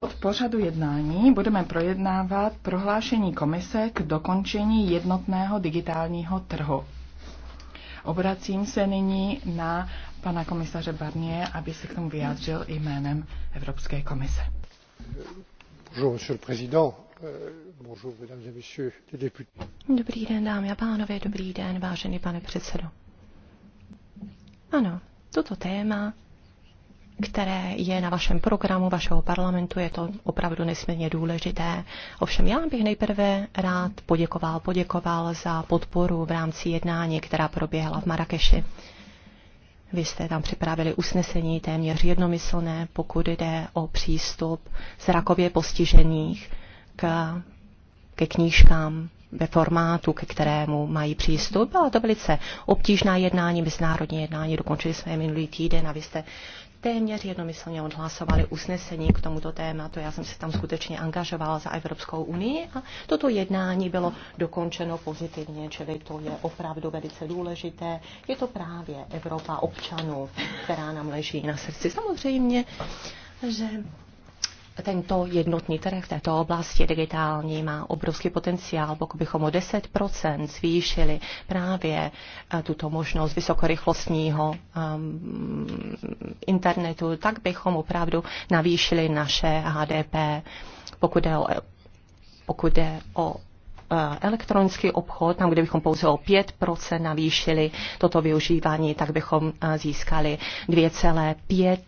Od pořadu jednání budeme projednávat prohlášení komise k dokončení jednotného digitálního trhu. Obracím se nyní na pana komisaře Barnier, aby se k tomu vyjádřil jménem Evropské komise. Euh, dobrý den, dámy a pánové, dobrý den, vážený pane předsedo. Ano, toto téma které je na vašem programu, vašeho parlamentu. Je to opravdu nesmírně důležité. Ovšem já bych nejprve rád poděkoval, poděkoval za podporu v rámci jednání, která proběhla v Marrakeši. Vy jste tam připravili usnesení téměř jednomyslné, pokud jde o přístup zrakově postižených k, ke knížkám ve formátu, ke kterému mají přístup. Byla to velice obtížná jednání, mezinárodní jednání, dokončili jsme je minulý týden a vy jste téměř jednomyslně odhlasovali usnesení k tomuto tématu. Já jsem se tam skutečně angažovala za Evropskou unii a toto jednání bylo dokončeno pozitivně, čili to je opravdu velice důležité. Je to právě Evropa občanů, která nám leží na srdci. Samozřejmě, že tento jednotný trh v této oblasti digitální má obrovský potenciál. Pokud bychom o 10% zvýšili právě eh, tuto možnost vysokorychlostního ehm, internetu, tak bychom opravdu navýšili naše HDP, pokud jde o, eh, pokud jde o Eh, elektronický obchod, tam, kde bychom pouze o 5% navýšili toto využívání, tak bychom eh, získali 2,5,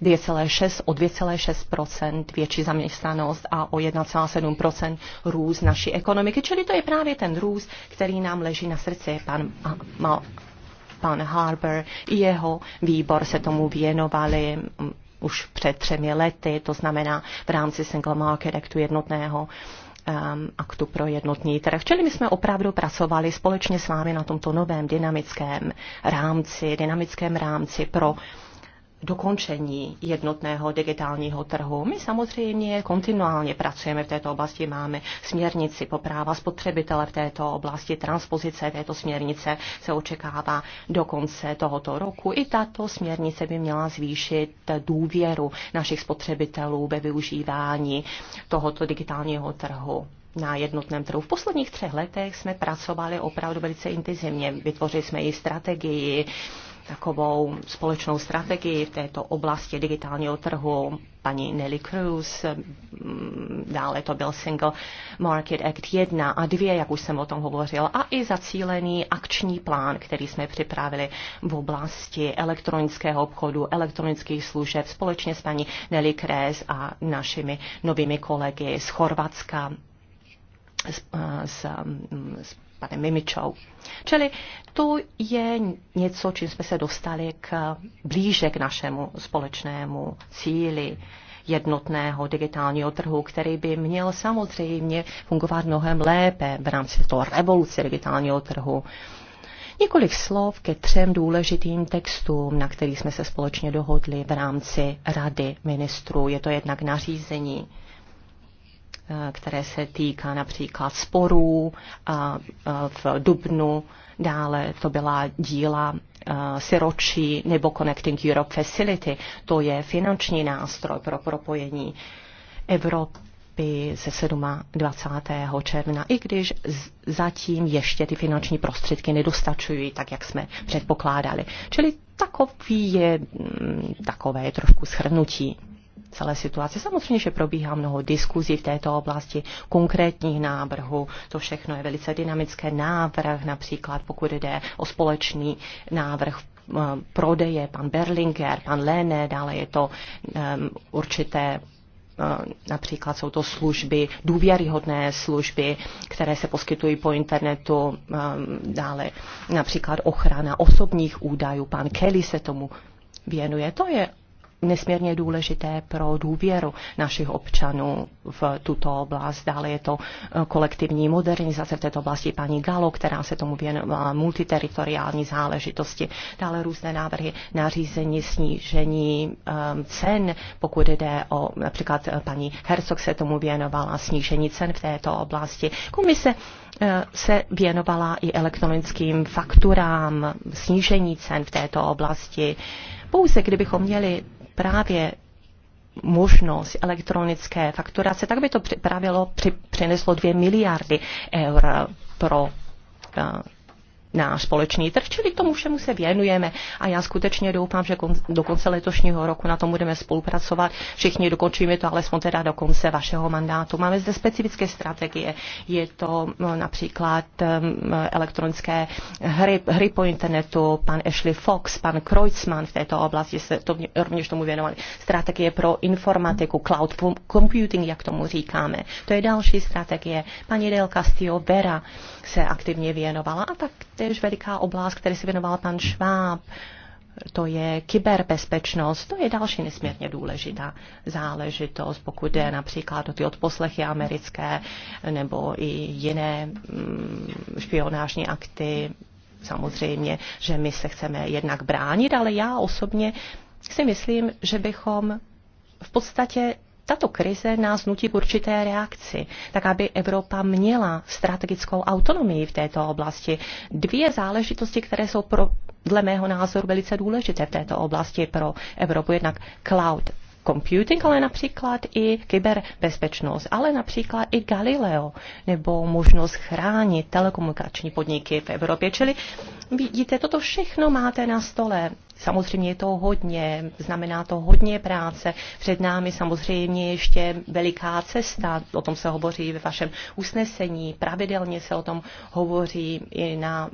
2,6, o 2,6% větší zaměstnanost a o 1,7% růst naší ekonomiky. Čili to je právě ten růst, který nám leží na srdci, pan Mal pan Harper i jeho výbor se tomu věnovali mm, už před třemi lety, to znamená v rámci Single Market Actu jednotného Um, aktu pro jednotný trh. Čili my jsme opravdu pracovali společně s vámi na tomto novém dynamickém rámci, dynamickém rámci pro dokončení jednotného digitálního trhu. My samozřejmě kontinuálně pracujeme v této oblasti, máme směrnici po práva spotřebitele v této oblasti, transpozice této směrnice se očekává do konce tohoto roku. I tato směrnice by měla zvýšit důvěru našich spotřebitelů ve využívání tohoto digitálního trhu na jednotném trhu. V posledních třech letech jsme pracovali opravdu velice intenzivně. Vytvořili jsme i strategii, takovou společnou strategii v této oblasti digitálního trhu paní Nelly Cruz, mm, dále to byl Single Market Act 1 a 2, jak už jsem o tom hovořil, a i zacílený akční plán, který jsme připravili v oblasti elektronického obchodu, elektronických služeb společně s paní Nelly Cruz a našimi novými kolegy z Chorvatska, z, eh, z, mm, z panem Mimičou. Čili to je něco, čím jsme se dostali k blíže k našemu společnému cíli jednotného digitálního trhu, který by měl samozřejmě fungovat mnohem lépe v rámci toho revoluce digitálního trhu. Několik slov ke třem důležitým textům, na kterých jsme se společně dohodli v rámci Rady ministrů. Je to jednak nařízení Eh, které se týká například sporů v Dubnu, dále to byla díla eh, Siročí nebo Connecting Europe Facility. To je finanční nástroj pro propojení Evropy ze 27. června, i když zatím ještě ty finanční prostředky nedostačují, tak jak jsme předpokládali. Čili takový je, mm, takové trošku shrnutí celé situace Samozřejmě, že probíhá mnoho diskuzí v této oblasti, konkrétních návrhů, to všechno je velice dynamické. Návrh například, pokud jde o společný návrh eh, prodeje, pan Berlinger, pan Lene, dále je to um, určité eh, například jsou to služby, důvěryhodné služby, které se poskytují po internetu, ehm, dále například ochrana osobních údajů. Pan Kelly se tomu věnuje. To je nesmírně důležité pro důvěru našich občanů v tuto oblast. Dále je to eh, kolektivní modernizace v této oblasti paní Galo, která se tomu věnovala multiteritoriální záležitosti. Dále různé návrhy nařízení snížení eh, cen, pokud jde o například eh, paní Herzog se tomu věnovala snížení cen v této oblasti. Komise se věnovala i elektronickým fakturám, snížení cen v této oblasti. Pouze kdybychom měli právě možnost elektronické fakturace, tak by to připravilo, přineslo dvě miliardy eur pro eh, náš společný trh, čili tomu všemu se věnujeme a já skutečně doufám, že kon, do konce letošního roku na tom budeme spolupracovat. Všichni dokončíme to alespoň teda do konce vašeho mandátu. Máme zde specifické strategie. Je to no, například um, elektronické hry, hry po internetu, pan Ashley Fox, pan Kreutzmann v této oblasti se to rovněž tomu věnovali. Strategie pro informatiku, cloud computing, jak tomu říkáme. To je další strategie. Paní Del Castillo Vera, se aktivně věnovala a tak taktéž veliká oblast, které se věnoval pan Šváb, to je kyberbezpečnost, to je další nesmírně důležitá záležitost, pokud jde například o ty odposlechy americké nebo i jiné mm, špionážní akty. Samozřejmě, že my se chceme jednak bránit, ale já osobně si myslím, že bychom v podstatě tato krize nás nutí k určité reakci, tak aby Evropa měla strategickou autonomii v této oblasti. Dvě záležitosti, které jsou pro, dle mého názoru velice důležité v této oblasti pro Evropu, jednak cloud computing, ale například i kyberbezpečnost, ale například i Galileo, nebo možnost chránit telekomunikační podniky v Evropě. Čili vidíte, toto všechno máte na stole. Samozřejmě je to hodně, znamená to hodně práce. Před námi samozřejmě ještě veliká cesta, o tom se hovoří ve vašem usnesení, pravidelně se o tom hovoří i na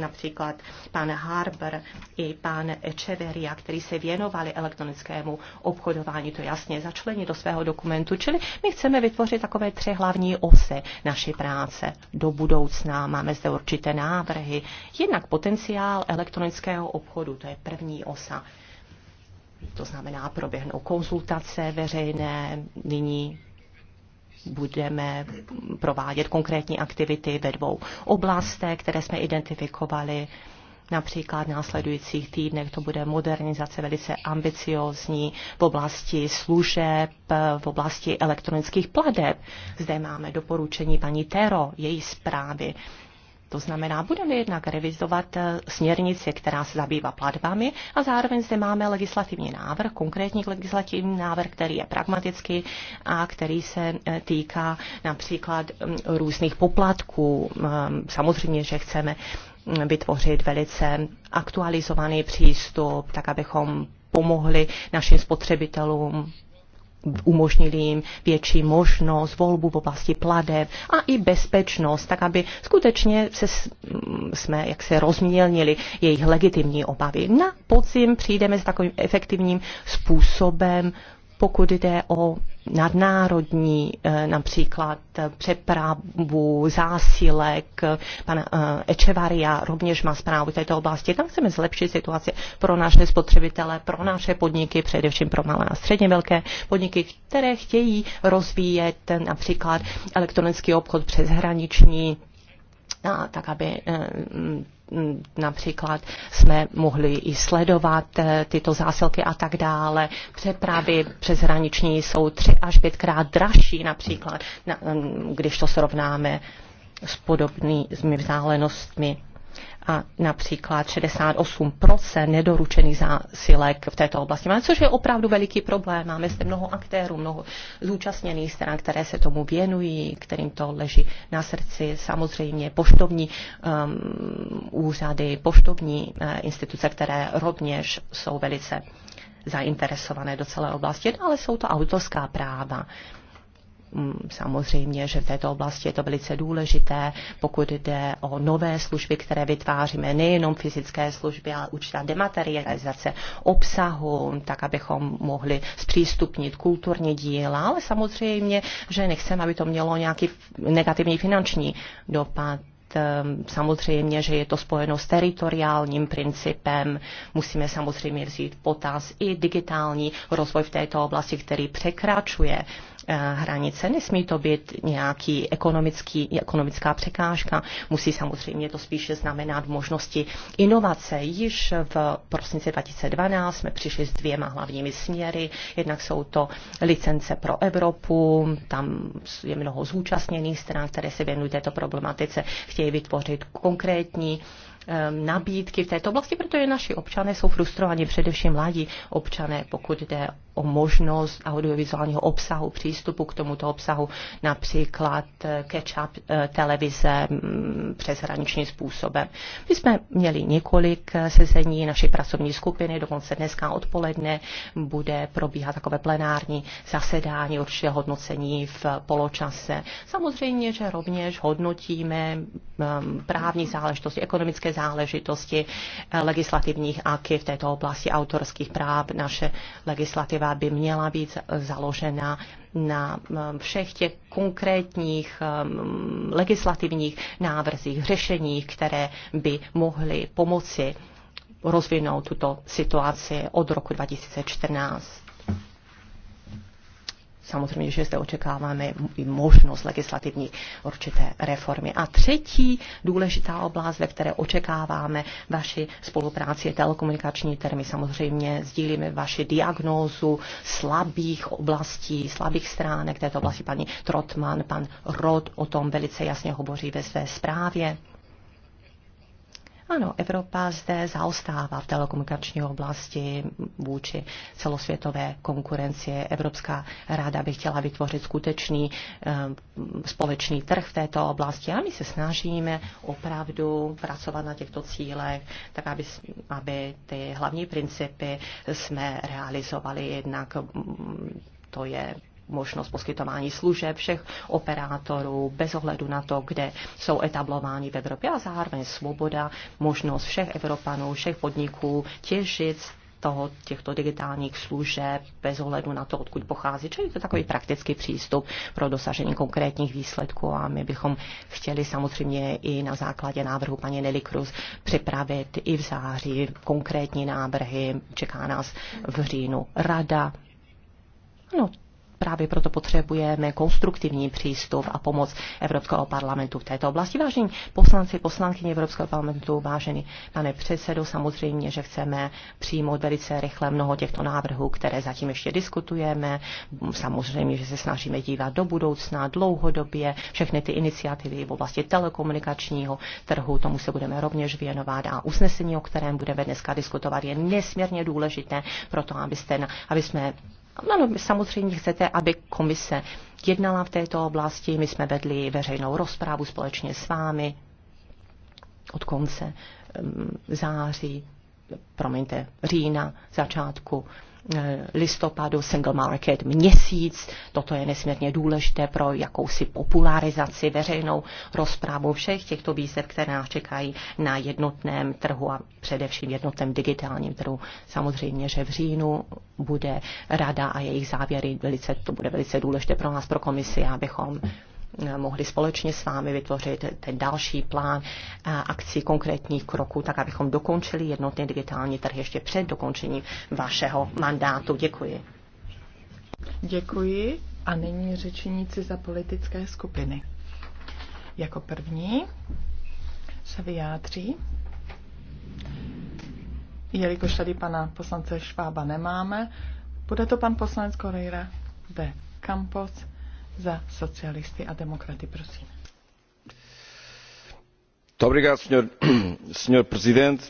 například pan Harber i pan Echeveria, který se věnovali elektronickému obchodování, to jasně začlení do svého dokumentu. Čili my chceme vytvořit takové tři hlavní osy naší práce do budoucna. Máme zde určité návrhy. Jednak potenciál elektronického obchodu, to je první osa. To znamená, proběhnou konzultace veřejné, nyní budeme provádět konkrétní aktivity ve dvou oblastech, které jsme identifikovali. Například v následujících týdnech to bude modernizace velice ambiciózní v oblasti služeb, v oblasti elektronických pladeb. Zde máme doporučení paní Tero, její zprávy to znamená, budeme jednak revizovat eh, směrnici, která se zabývá platbami a zároveň zde máme legislativní návrh, konkrétní legislativní návrh, který je pragmatický a který se eh, týká například mm, různých poplatků. Ehm, samozřejmě, že chceme mm, vytvořit velice aktualizovaný přístup, tak abychom pomohli našim spotřebitelům umožnili jim větší možnost volbu v oblasti pladeb a i bezpečnost, tak aby skutečně se, jsme jak se rozmělnili jejich legitimní obavy. Na podzim přijdeme s takovým efektivním způsobem pokud jde o nadnárodní eh, například přepravu, zásilek. Eh, Pan eh, Echevaria rovněž má zprávu této oblasti. Tam chceme zlepšit situaci pro naše spotřebitele, pro naše podniky, především pro malé a středně velké podniky, které chtějí rozvíjet například elektronický obchod přeshraniční, tak aby Mm, například jsme mohli i sledovat eh, tyto zásilky a tak dále. Přepravy hraniční jsou tři až pětkrát dražší například, mm, když to srovnáme s podobnými vzdálenostmi a například 68% nedoručených zásilek v této oblasti máme, což je opravdu veliký problém. Máme zde mnoho aktérů, mnoho zúčastněných stran, které se tomu věnují, kterým to leží na srdci. Samozřejmě poštovní um, úřady, poštovní uh, instituce, které rovněž jsou velice zainteresované do celé oblasti, ale jsou to autorská práva. Mm, samozřejmě, že v této oblasti je to velice důležité, pokud jde o nové služby, které vytváříme, nejenom fyzické služby, ale určitá dematerializace obsahu, tak abychom mohli zpřístupnit kulturní díla, ale samozřejmě, že nechceme, aby to mělo nějaký negativní finanční dopad Ehm, samozřejmě, že je to spojeno s teritoriálním principem. Musíme samozřejmě vzít potaz i digitální rozvoj v této oblasti, který překračuje eh, hranice. Nesmí to být nějaký ekonomický, ekonomická překážka. Musí samozřejmě to spíše znamenat možnosti inovace. Již v prosinci 2012 jsme přišli s dvěma hlavními směry. Jednak jsou to licence pro Evropu, tam je mnoho zúčastněných stran, které se věnují této problematice chtějí vytvořit konkrétní nabídky v této oblasti, protože naši občané jsou frustrovaní, především mladí občané, pokud jde o možnost audiovizuálního obsahu, přístupu k tomuto obsahu, například catch-up eh, eh, televize mm, přeshraničním způsobem. My jsme měli několik eh, sezení naší pracovní skupiny, dokonce dneska odpoledne bude probíhat takové plenární zasedání, určitě hodnocení v poločase. Samozřejmě, že rovněž hodnotíme mm, právní záležitosti, ekonomické záležitosti legislativních aky v této oblasti autorských práv. Naše legislativa která by měla být založena na eh, všech těch konkrétních eh, legislativních návrzích, řešeních, které by mohly pomoci rozvinout tuto situaci od roku 2014 samozřejmě, že zde očekáváme možnost legislativní určité reformy. A třetí důležitá oblast, ve které očekáváme vaši spolupráci je telekomunikační termy. Samozřejmě sdílíme vaši diagnózu slabých oblastí, slabých stránek této oblasti. Paní Trotman, pan Rod o tom velice jasně hovoří ve své zprávě. Ano, Evropa zde zaostává v telekomunikační oblasti vůči celosvětové konkurenci. Evropská ráda by chtěla vytvořit skutečný eh, společný trh v této oblasti a my se snažíme opravdu pracovat na těchto cílech, tak aby, aby ty hlavní principy jsme realizovali jednak mm, to je možnost poskytování služeb všech operátorů bez ohledu na to, kde jsou etablováni v Evropě a zároveň svoboda, možnost všech Evropanů, všech podniků těžit toho, těchto digitálních služeb bez ohledu na to, odkud pochází. Čili to je takový praktický přístup pro dosažení konkrétních výsledků a my bychom chtěli samozřejmě i na základě návrhu paní Nelly Cruz připravit i v září konkrétní návrhy. Čeká nás v říjnu rada. No, právě proto potřebujeme konstruktivní přístup a pomoc Evropského parlamentu v této oblasti. Vážení poslanci, poslankyně Evropského parlamentu, vážený pane předsedo, samozřejmě, že chceme přijmout velice rychle mnoho těchto návrhů, které zatím ještě diskutujeme. Samozřejmě, že se snažíme dívat do budoucna, dlouhodobě, všechny ty iniciativy v oblasti telekomunikačního trhu, tomu se budeme rovněž věnovat a usnesení, o kterém budeme dneska diskutovat, je nesmírně důležité pro to, abyste, aby jsme ano, no, samozřejmě chcete, aby komise jednala v této oblasti. My jsme vedli veřejnou rozprávu společně s vámi od konce mm, září, promiňte, října, začátku Eh, listopadu Single Market měsíc. Toto je nesmírně důležité pro jakousi popularizaci veřejnou rozprávu všech těchto výzev, které nás čekají na jednotném trhu a především jednotném digitálním trhu. Samozřejmě, že v říjnu bude rada a jejich závěry velice, to bude velice důležité pro nás, pro komisi, abychom mohli společně s vámi vytvořit ten další plán akcí konkrétních kroků, tak abychom dokončili jednotný digitální trh ještě před dokončením vašeho mandátu. Děkuji. Děkuji a nyní řečníci za politické skupiny. Jako první se vyjádří, jelikož tady pana poslance Švába nemáme, bude to pan poslanec Correira de Campos za socialisty a demokraty. Prosím. Obrigado, senhor, senhor presidente.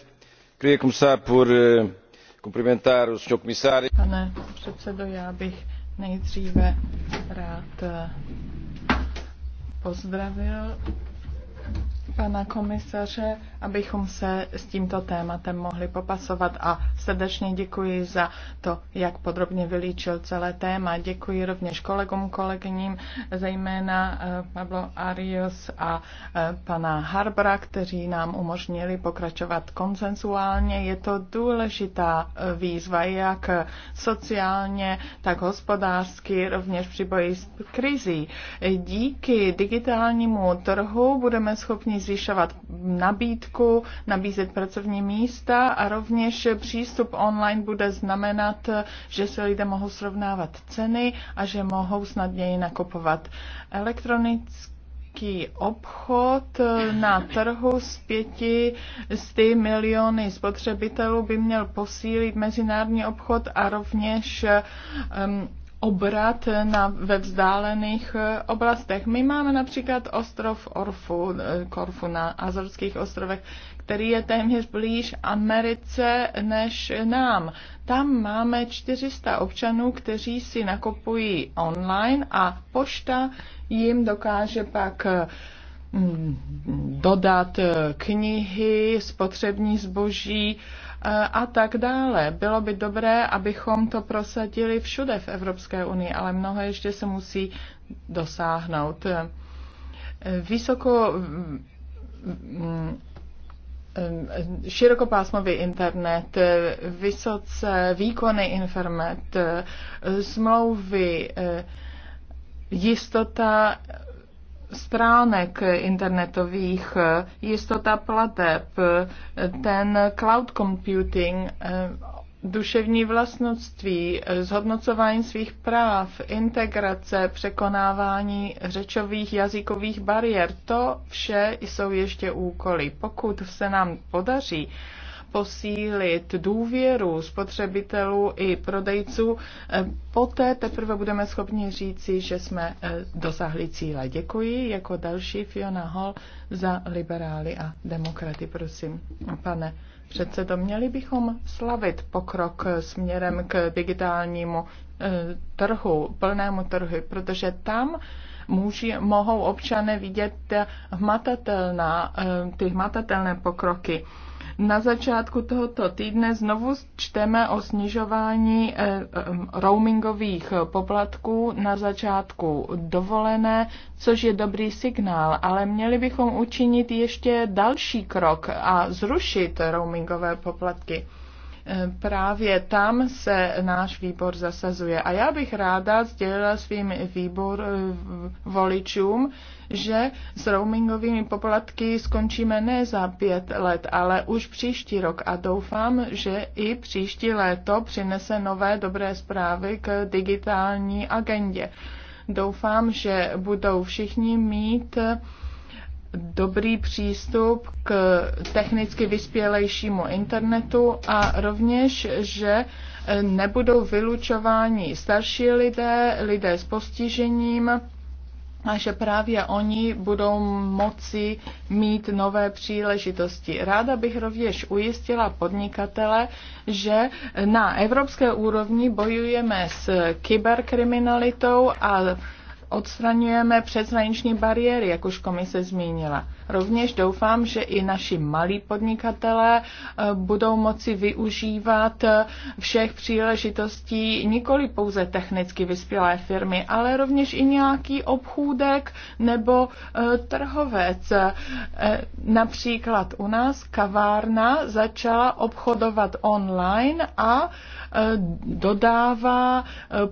Queria começar por eh, cumprimentar o senhor comissário. Pane předsedo, já bych nejdříve rád eh, pozdravil pana komisaře, abychom se s tímto tématem mohli popasovat a srdečně děkuji za to, jak podrobně vylíčil celé téma. Děkuji rovněž kolegům, kolegyním, zejména eh, Pablo Arias a eh, pana Harbra, kteří nám umožnili pokračovat konsensuálně. Je to důležitá eh, výzva, jak sociálně, tak hospodářsky, rovněž při boji s krizí. Díky digitálnímu trhu budeme schopni zvyšovat nabídku, nabízet pracovní místa a rovněž přístup online bude znamenat, že se lidé mohou srovnávat ceny a že mohou snadněji nakupovat. Elektronický obchod na trhu z pěti z ty miliony spotřebitelů by měl posílit mezinárodní obchod a rovněž um, obrat na, ve vzdálených eh, oblastech. My máme například ostrov Orfu, eh, Korfu na Azorských ostrovech, který je téměř blíž Americe než nám. Tam máme 400 občanů, kteří si nakupují online a pošta jim dokáže pak mm, dodat eh, knihy, spotřební zboží, Eh, a tak dále. Bylo by dobré, abychom to prosadili všude v Evropské unii, ale mnoho ještě se musí dosáhnout. Eh, vysoko eh, širokopásmový internet, vysoce výkony internet, smlouvy, jistota stránek internetových, jistota plateb, ten cloud computing, eh, duševní vlastnictví, zhodnocování svých práv, integrace, překonávání řečových jazykových bariér, to vše jsou ještě úkoly. Pokud se nám podaří posílit důvěru spotřebitelů i prodejců, eh, poté teprve budeme schopni říci, že jsme eh, dosáhli cíle. Děkuji jako další Fiona Hall za liberály a demokraty, prosím, pane předsedo. Měli bychom slavit pokrok eh, směrem k digitálnímu trhu, plnému trhu, protože tam můži, mohou občané vidět hmatatelná, ty hmatatelné pokroky na začátku tohoto týdne znovu čteme o snižování eh, eh, roamingových poplatků na začátku dovolené, což je dobrý signál, ale měli bychom učinit ještě další krok a zrušit roamingové poplatky. Eh, právě tam se náš výbor zasazuje. A já bych ráda sdělila svým výbor voličům, že s roamingovými poplatky skončíme ne za pět let, ale už příští rok a doufám, že i příští léto přinese nové dobré zprávy k digitální agendě. Doufám, že budou všichni mít dobrý přístup k technicky vyspělejšímu internetu a rovněž, že nebudou vylučováni starší lidé, lidé s postižením, a že právě oni budou moci mít nové příležitosti. Ráda bych rovněž ujistila podnikatele, že na evropské úrovni bojujeme s kyberkriminalitou a odstraňujeme přeshraniční bariéry, jak už komise zmínila. Rovněž doufám, že i naši malí podnikatelé eh, budou moci využívat eh, všech příležitostí nikoli pouze technicky vyspělé firmy, ale rovněž i nějaký obchůdek nebo eh, trhovec. Například u nás kavárna začala obchodovat online a dodává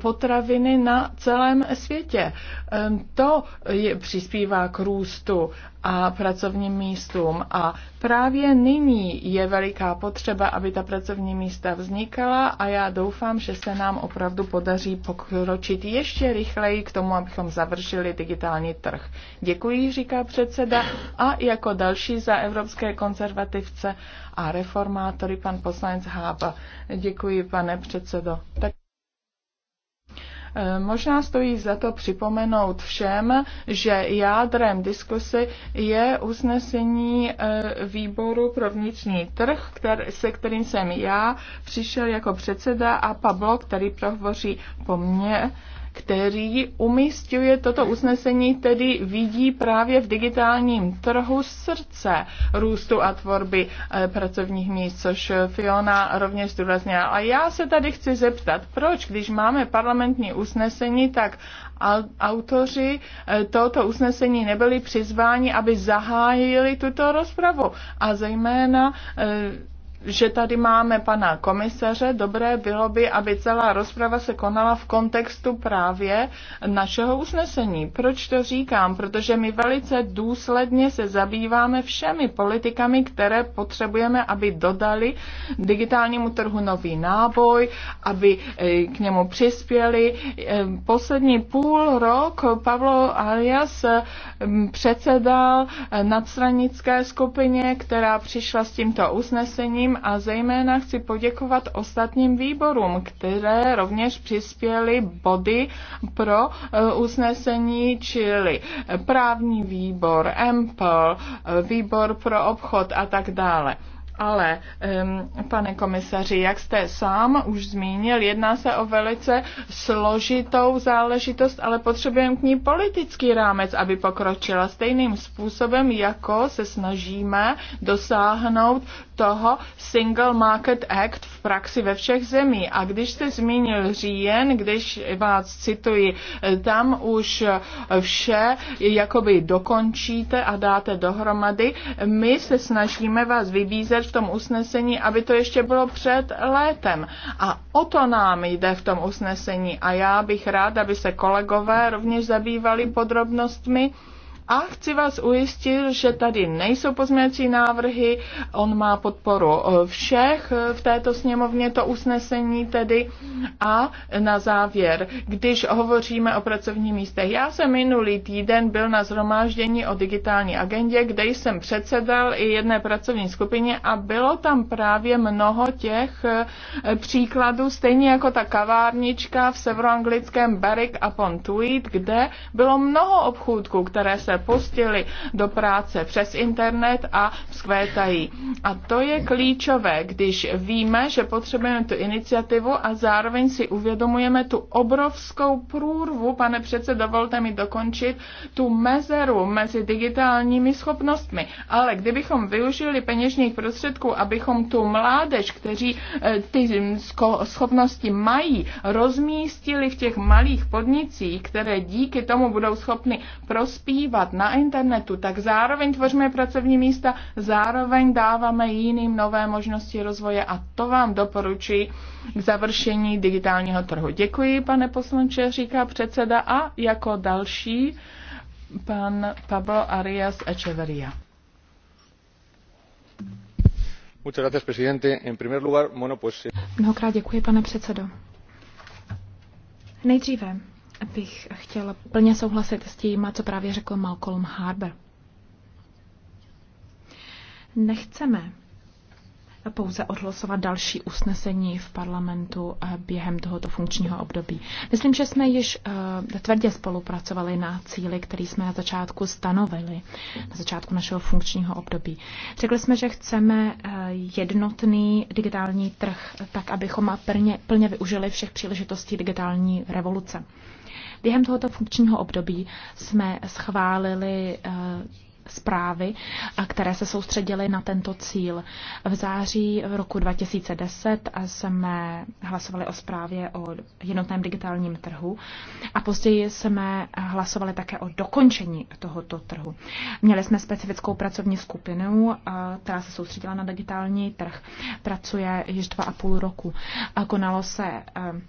potraviny na celém světě. Ehm, to je, přispívá k růstu a pracovním místům. A právě nyní je veliká potřeba, aby ta pracovní místa vznikala a já doufám, že se nám opravdu podaří pokročit ještě rychleji k tomu, abychom završili digitální trh. Děkuji, říká předseda. A jako další za evropské konzervativce a reformátory pan poslanec Hába. Děkuji, pane předsedo. Tak... Eh, možná stojí za to připomenout všem, že jádrem diskusy je uznesení eh, výboru pro vnitřní trh, který, se kterým jsem já přišel jako předseda a Pablo, který prohovoří po mně, který umístuje toto usnesení, tedy vidí právě v digitálním trhu srdce růstu a tvorby eh, pracovních míst, což Fiona rovněž zdůraznila. A já se tady chci zeptat, proč, když máme parlamentní usnesení, tak autoři eh, tohoto usnesení nebyli přizváni, aby zahájili tuto rozpravu. A zejména eh, že tady máme pana komisaře, dobré bylo by, aby celá rozprava se konala v kontextu právě našeho usnesení. Proč to říkám? Protože my velice důsledně se zabýváme všemi politikami, které potřebujeme, aby dodali digitálnímu trhu nový náboj, aby eh, k němu přispěli. Eh, poslední půl rok Pavlo Arias mm, předsedal eh, nadstranické skupině, která přišla s tímto usnesením a zejména chci poděkovat ostatním výborům, které rovněž přispěly body pro eh, usnesení, čili eh, právní výbor, EMPL, eh, výbor pro obchod a tak dále. Ale, um, pane komisaři, jak jste sám už zmínil, jedná se o velice složitou záležitost, ale potřebujeme k ní politický rámec, aby pokročila stejným způsobem, jako se snažíme dosáhnout toho Single Market Act v praxi ve všech zemí. A když jste zmínil říjen, když vás cituji, tam už vše jakoby dokončíte a dáte dohromady. My se snažíme vás vybízet v tom usnesení, aby to ještě bylo před létem. A o to nám jde v tom usnesení. A já bych rád, aby se kolegové rovněž zabývali podrobnostmi. A chci vás ujistit, že tady nejsou pozměňovací návrhy, on má podporu e, všech e, v této sněmovně, to usnesení tedy. A na závěr, když hovoříme o pracovních místech, já jsem minulý týden byl na zhromáždění o digitální agendě, kde jsem předsedal i jedné pracovní skupině a bylo tam právě mnoho těch e, příkladů, stejně jako ta kavárnička v severoanglickém Berwick upon Tweed, kde bylo mnoho obchůdků, které se pustili do práce přes internet a vzkvétají. A to je klíčové, když víme, že potřebujeme tu iniciativu a zároveň si uvědomujeme tu obrovskou průrvu, pane přece dovolte mi dokončit, tu mezeru mezi digitálními schopnostmi. Ale kdybychom využili peněžních prostředků, abychom tu mládež, kteří eh, ty schopnosti mají, rozmístili v těch malých podnicích, které díky tomu budou schopny prospívat, dělat na internetu, tak zároveň tvoříme pracovní místa, zároveň dáváme jiným nové možnosti rozvoje a to vám doporučuji k završení digitálního trhu. Děkuji, pane poslanče, říká předseda a jako další pan Pablo Arias Echeverria. Eh, Mnohokrát děkuji, pane předsedo. Nejdříve bych chtěla plně souhlasit s tím, co právě řekl Malcolm Harbour. Nechceme pouze odhlasovat další usnesení v parlamentu eh, během tohoto funkčního období. Myslím, že jsme již eh, tvrdě spolupracovali na cíli, který jsme na začátku stanovili, na začátku našeho funkčního období. Řekli jsme, že chceme eh, jednotný digitální trh, tak abychom plně, plně využili všech příležitostí digitální revoluce. Během tohoto funkčního období jsme schválili eh, zprávy, které se soustředily na tento cíl. V září roku 2010 jsme hlasovali o zprávě o jednotném digitálním trhu a později jsme hlasovali také o dokončení tohoto trhu. Měli jsme specifickou pracovní skupinu, eh, která se soustředila na digitální trh. Pracuje již dva a půl roku. Konalo se eh,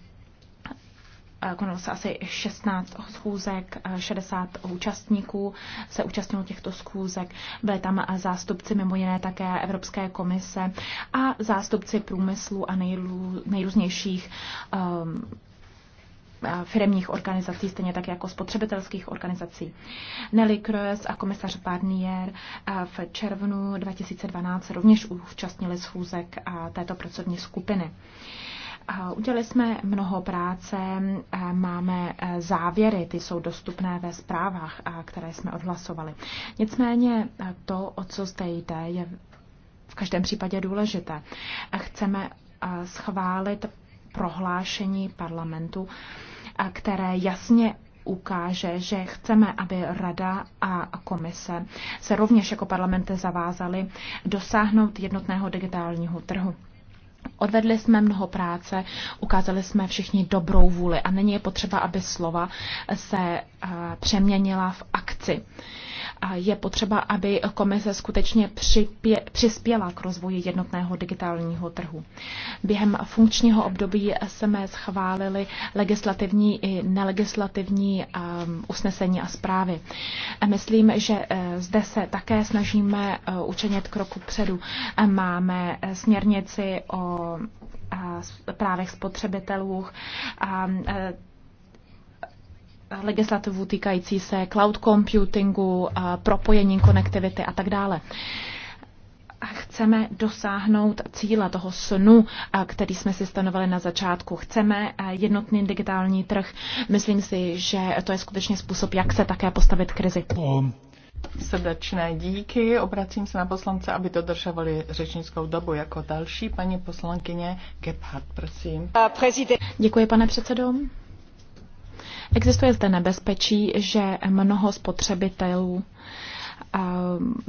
konalo se asi 16 schůzek, 60 účastníků se účastnilo těchto schůzek. Byli tam zástupci mimo jiné také Evropské komise a zástupci průmyslu a nejrů, nejrůznějších um, firmních organizací, stejně tak jako spotřebitelských organizací. Nelly Kroes a komisař Barnier v červnu 2012 rovněž účastnili schůzek této pracovní skupiny. Udělali jsme mnoho práce, máme e, závěry, ty jsou dostupné ve zprávách, které jsme odhlasovali. Nicméně e, to, o co zde jde, je v každém případě důležité. Chceme e, schválit prohlášení parlamentu, které jasně ukáže, že chceme, aby Rada a Komise se rovněž jako parlamente zavázaly dosáhnout jednotného digitálního trhu. Odvedli jsme mnoho práce, ukázali jsme všichni dobrou vůli a není je potřeba, aby slova se eh, přeměnila v akci. Je potřeba, aby komise skutečně připě, přispěla k rozvoji jednotného digitálního trhu. Během funkčního období jsme schválili legislativní i nelegislativní um, usnesení a zprávy. Myslím, že eh, zde se také snažíme eh, učinit kroku předu. Máme eh, směrnici o právech spotřebitelů, legislativu týkající se cloud computingu, propojení, konektivity a tak dále. Chceme dosáhnout cíle toho snu, který jsme si stanovili na začátku. Chceme jednotný digitální trh. Myslím si, že to je skutečně způsob, jak se také postavit krizi. Srdečné díky. Obracím se na poslance, aby dodržovali řečnickou dobu. Jako další paní poslankyně Gebhardt, prosím. Děkuji, pane předsedo. Existuje zde nebezpečí, že mnoho spotřebitelů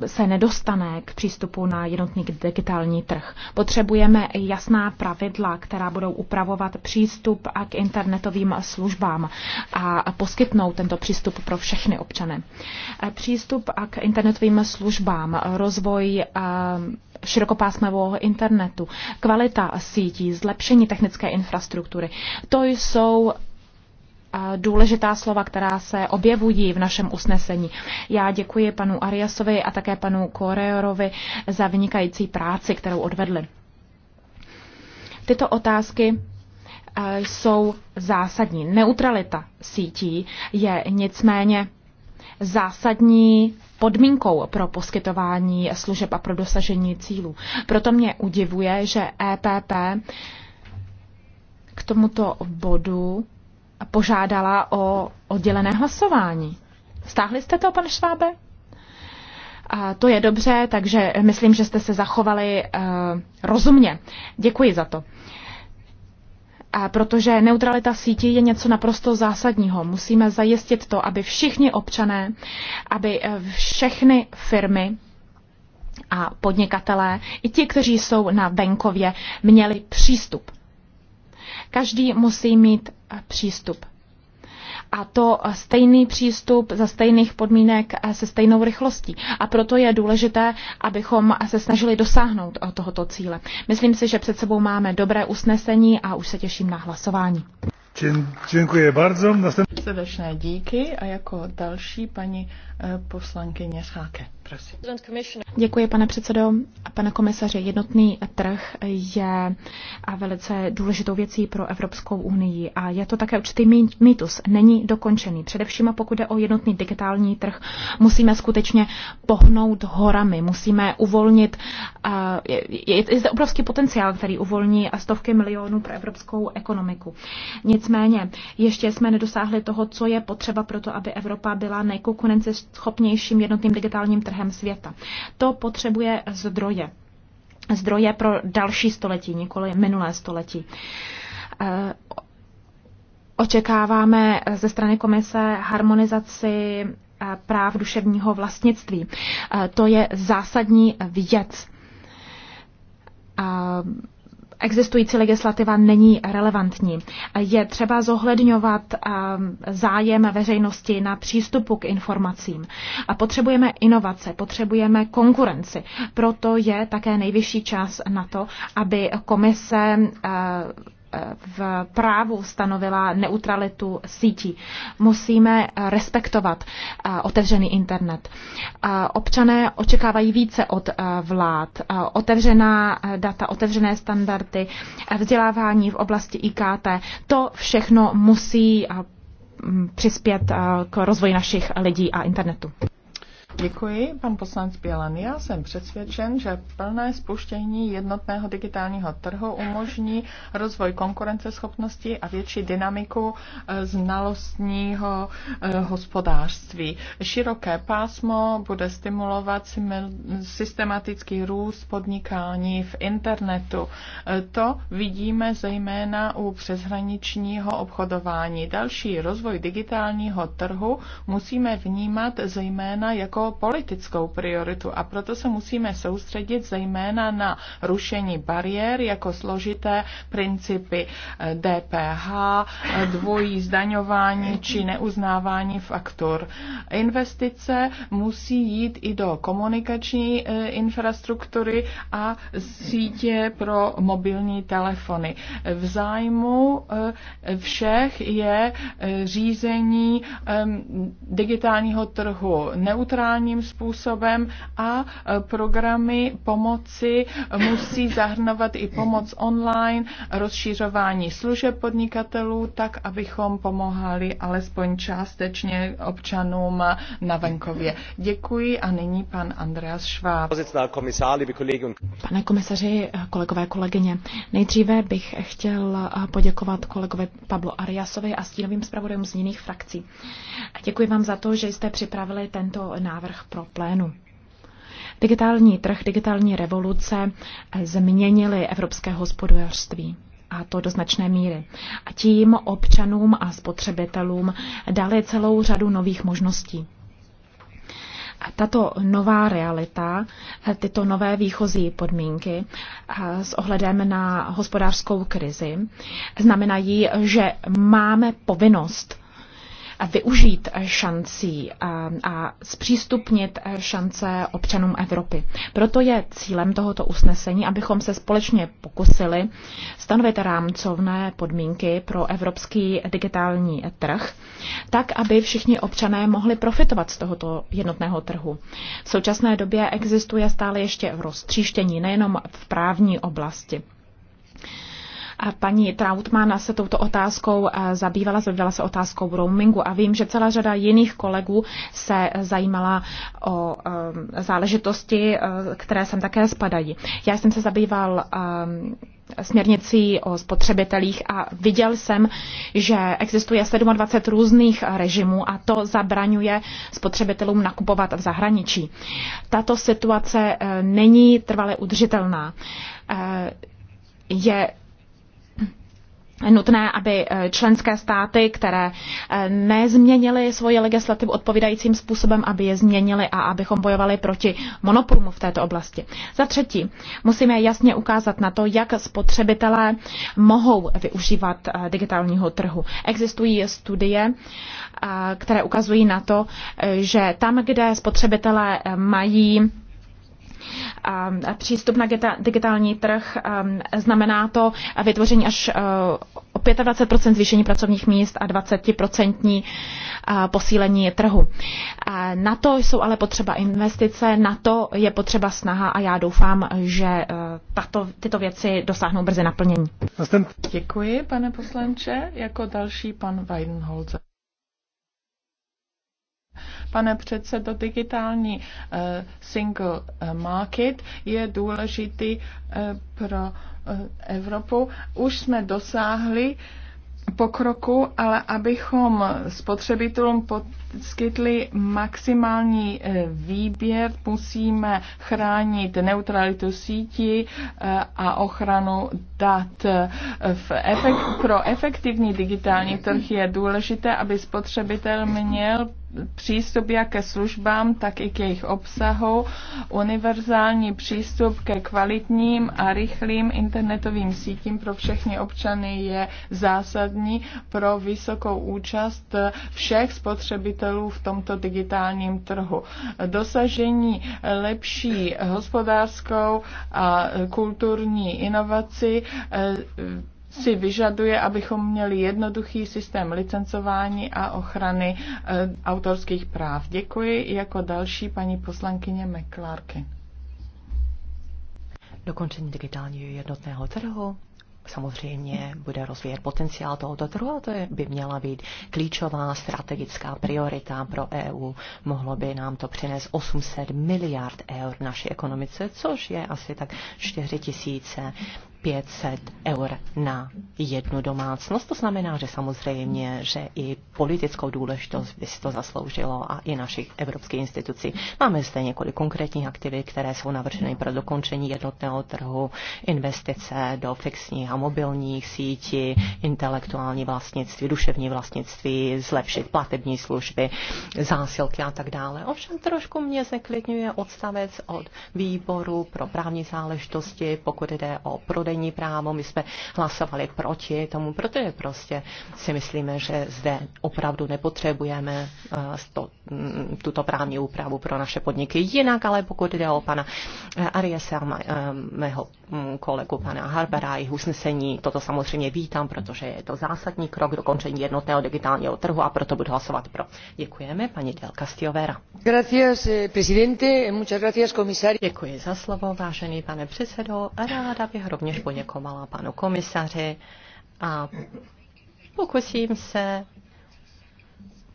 eh, se nedostane k přístupu na jednotný digitální trh. Potřebujeme jasná pravidla, která budou upravovat přístup a k internetovým službám a poskytnou tento přístup pro všechny občany. Eh, přístup a k internetovým službám, rozvoj eh, širokopásmového internetu, kvalita sítí, zlepšení technické infrastruktury. To jsou důležitá slova, která se objevují v našem usnesení. Já děkuji panu Ariasovi a také panu Koreorovi za vynikající práci, kterou odvedli. Tyto otázky eh, jsou zásadní. Neutralita sítí je nicméně zásadní podmínkou pro poskytování služeb a pro dosažení cílů. Proto mě udivuje, že EPP k tomuto bodu požádala o oddělené hlasování. Stáhli jste to, pan Švábe? A to je dobře, takže myslím, že jste se zachovali uh, rozumně. Děkuji za to. A protože neutralita sítí je něco naprosto zásadního. Musíme zajistit to, aby všichni občané, aby eh, všechny firmy a podnikatelé, i ti, kteří jsou na venkově, měli přístup. Každý musí mít přístup. A to stejný přístup za stejných podmínek se stejnou rychlostí. A proto je důležité, abychom se snažili dosáhnout tohoto cíle. Myslím si, že před sebou máme dobré usnesení a už se těším na hlasování. Děkuji bardzo. Srdečné díky a jako další paní eh, poslankyně Scháke prosím. Děkuji, pane předsedo. A pane komisaři, jednotný trh je velice důležitou věcí pro Evropskou unii a je to také určitý mýtus. Není dokončený. Především pokud jde o jednotný digitální trh, musíme skutečně pohnout horami, musíme uvolnit, je zde obrovský potenciál, který uvolní stovky milionů pro evropskou ekonomiku. Nicméně, ještě jsme nedosáhli toho, co je potřeba pro to, aby Evropa byla nejkonkurenceschopnějším jednotným digitálním trhem trhem světa. To potřebuje zdroje. Zdroje pro další století, nikoli minulé století. Eh, očekáváme ze strany komise harmonizaci eh, práv duševního vlastnictví. Eh, to je zásadní věc existující legislativa není relevantní. Je třeba zohledňovat eh, zájem veřejnosti na přístupu k informacím. A potřebujeme inovace, potřebujeme konkurenci. Proto je také nejvyšší čas na to, aby komise eh, v právu stanovila neutralitu sítí. Musíme respektovat eh, otevřený internet. Eh, občané očekávají více od eh, vlád. Otevřená data, otevřené standardy, vzdělávání v oblasti IKT. To všechno musí přispět k rozvoji našich lidí a internetu. Děkuji, pan poslanec Bělan. Já jsem přesvědčen, že plné spuštění jednotného digitálního trhu umožní rozvoj konkurenceschopnosti a větší dynamiku eh, znalostního eh, hospodářství. Široké pásmo bude stimulovat systematický růst podnikání v internetu. Eh, to vidíme zejména u přeshraničního obchodování. Další rozvoj digitálního trhu musíme vnímat zejména jako politickou prioritu a proto se musíme soustředit zejména na rušení bariér jako složité principy DPH, eh, eh, dvojí zdaňování či neuznávání faktur. Investice musí jít i do komunikační eh, infrastruktury a sítě pro mobilní telefony. V zájmu všech je řízení digitálního trhu neutrální horizontálním způsobem a e, programy pomoci musí zahrnovat i pomoc online, rozšířování služeb podnikatelů, tak abychom pomohali alespoň částečně občanům na venkově. Děkuji a nyní pan Andreas Schwab. Pane komisaři, kolegové, kolegyně, nejdříve bych chtěl e, poděkovat kolegovi Pablo Ariasovi a stínovým zpravodajům z jiných frakcí. Děkuji vám za to, že jste připravili tento návrh návrh pro plénu. Digitální trh, digitální revoluce změnily evropské hospodářství a to do značné míry. A tím občanům a spotřebitelům dali celou řadu nových možností. tato nová realita, tyto nové výchozí podmínky s ohledem na hospodářskou krizi znamenají, že máme povinnost využít šancí a zpřístupnit šance občanům Evropy. Proto je cílem tohoto usnesení, abychom se společně pokusili stanovit rámcovné podmínky pro evropský digitální trh, tak aby všichni občané mohli profitovat z tohoto jednotného trhu. V současné době existuje stále ještě roztříštění nejenom v právní oblasti. Paní Trautmann se touto otázkou eh, zabývala, zabývala se otázkou roamingu a vím, že celá řada jiných kolegů se zajímala o eh, záležitosti, eh, které sem také spadají. Já jsem se zabýval směrnicí o spotřebitelích a viděl jsem, že existuje 27 různých režimů a to zabraňuje spotřebitelům nakupovat v zahraničí. Tato situace není trvale udržitelná. Je nutné, aby eh, členské státy, které eh, nezměnily svoji legislativu odpovídajícím způsobem, aby je změnily a abychom bojovali proti monopolům v této oblasti. Za třetí, musíme jasně ukázat na to, jak spotřebitelé mohou využívat eh, digitálního trhu. Existují studie, které ukazují na to, že tam, kde spotřebitelé mají přístup na digitální trh um, znamená to vytvoření až uh, o 25 zvýšení pracovních míst a 20 uh, posílení trhu. Na to jsou ale potřeba investice, na to je potřeba snaha a já doufám, že uh, tato, tyto věci dosáhnou brzy naplnění. Děkuji, pane poslanče. Jako další pan Weidenholzer. Pane předsedo, digitální eh, single eh, market je důležitý eh, pro Evropu. Už jsme dosáhli pokroku, ale abychom spotřebitelům poskytli maximální výběr, musíme chránit neutralitu sítí a ochranu dat. V efekt, pro efektivní digitální trh je důležité, aby spotřebitel měl přístup jak ke službám, tak i k jejich obsahu, univerzální přístup ke kvalitním a rychlým internetovým sítím pro všechny občany je zásadní pro vysokou účast všech spotřebitelů v tomto digitálním trhu. Dosažení lepší hospodářskou a kulturní inovaci eh, si vyžaduje, abychom měli jednoduchý systém licencování a ochrany eh, autorských práv. Děkuji jako další paní poslankyně McClarkin. Dokončení digitálního jednotného trhu samozřejmě bude rozvíjet potenciál tohoto trhu a to je, by měla být klíčová strategická priorita pro EU. Mohlo by nám to přinést 800 miliard eur naší ekonomice, což je asi tak 4 tisíce 500 eur na jednu domácnost. To znamená, že samozřejmě, že i politickou důležitost by si to zasloužilo a i našich evropských institucí. Máme zde několik konkrétních aktivit, které jsou navrženy pro dokončení jednotného trhu, investice do fixních a mobilních sítí, intelektuální vlastnictví, duševní vlastnictví, zlepšit platební služby, zásilky a tak dále. Ovšem trošku mě zneklidňuje odstavec od výboru pro právní záležitosti, pokud jde o prodej prodejní právo. My jsme hlasovali proti tomu, protože prostě si myslíme, že zde opravdu nepotřebujeme eh, to, mm, tuto právní úpravu pro naše podniky. Jinak ale pokud jde o pana eh, Ariese a eh, mého mm, kolegu pana Harbera, jejich usnesení, toto samozřejmě vítám, protože je to zásadní krok dokončení jednotného digitálního trhu a proto budu hlasovat pro. Děkujeme, paní Del Castiovera. Gracias, presidente. Muchas gracias, komisario. Děkuji za slovo, vážený pane předsedo. Ráda bych rovněž poděkovala panu komisaři a pokusím se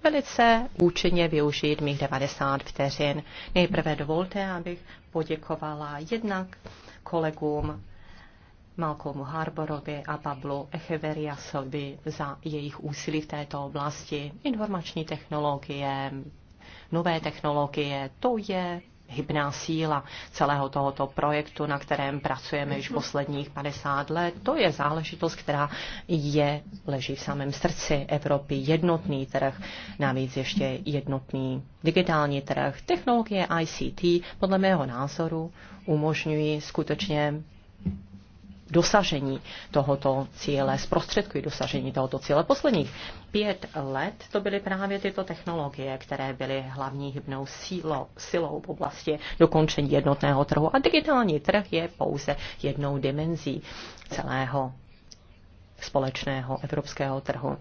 velice účinně využít mých 90 vteřin. Nejprve dovolte, abych poděkovala jednak kolegům Malcolmu Harborovi a Pablu Echeveriasovi za jejich úsilí v této oblasti. Informační technologie, nové technologie, to je hybná síla celého tohoto projektu, na kterém pracujeme již posledních 50 let. To je záležitost, která je, leží v samém srdci Evropy. Jednotný trh, navíc ještě jednotný digitální trh. Technologie ICT podle mého názoru umožňují skutečně dosažení tohoto cíle, zprostředkují dosažení tohoto cíle. Posledních pět let to byly právě tyto technologie, které byly hlavní hybnou sílo, silou v oblasti dokončení jednotného trhu. A digitální trh je pouze jednou dimenzí celého společného evropského trhu.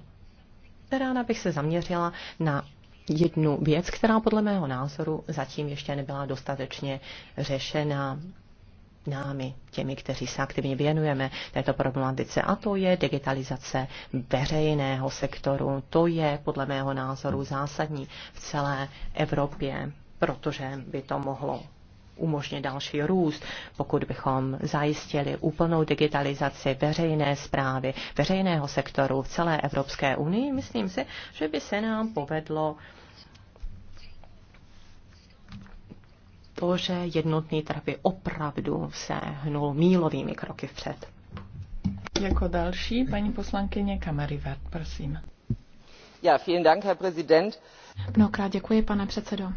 Ráda bych se zaměřila na jednu věc, která podle mého názoru zatím ještě nebyla dostatečně řešena námi, těmi, kteří se aktivně věnujeme této problematice, a to je digitalizace veřejného sektoru. To je podle mého názoru zásadní v celé Evropě, protože by to mohlo umožnit další růst, pokud bychom zajistili úplnou digitalizaci veřejné zprávy, veřejného sektoru v celé Evropské unii. Myslím si, že by se nám povedlo uh, to, že jednotný trh by opravdu se hnul mílovými kroky vpřed. Jako další paní poslankyně Kamarivert, prosím. Ja, vielen Dank, Herr Präsident. Mnohokrát děkuji, pane předsedo.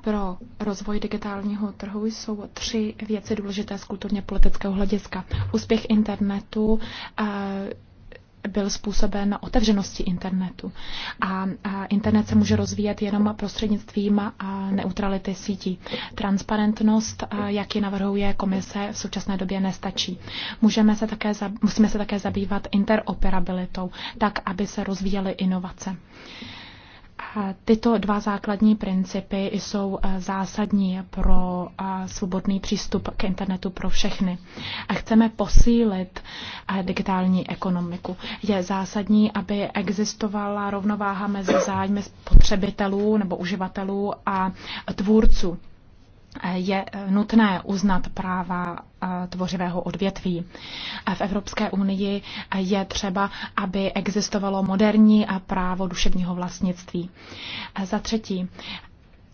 Pro rozvoj digitálního trhu jsou tři věci důležité z kulturně politického hlediska. Úspěch internetu, eh, byl způsoben otevřenosti internetu. A, internet se může rozvíjet jenom prostřednictvím neutrality sítí. Transparentnost, jak ji navrhuje komise, v současné době nestačí. Můžeme se také, musíme se také zabývat interoperabilitou, tak, aby se rozvíjely inovace. Tyto dva základní principy jsou eh, zásadní pro eh, svobodný přístup k internetu pro všechny. A chceme posílit eh, digitální ekonomiku. Je zásadní, aby existovala rovnováha mezi zájmy spotřebitelů nebo uživatelů a tvůrců je nutné uznat práva eh, tvořivého odvětví. V Evropské unii je třeba, aby existovalo moderní právo duševního vlastnictví. Za třetí,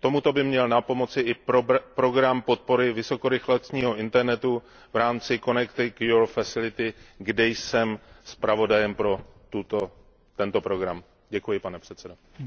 tomuto by měl napomoci i program podpory vysokorychlostního internetu v rámci connecting europe facility kde jsem zpravodajem pro tento program. děkuji pane předsedající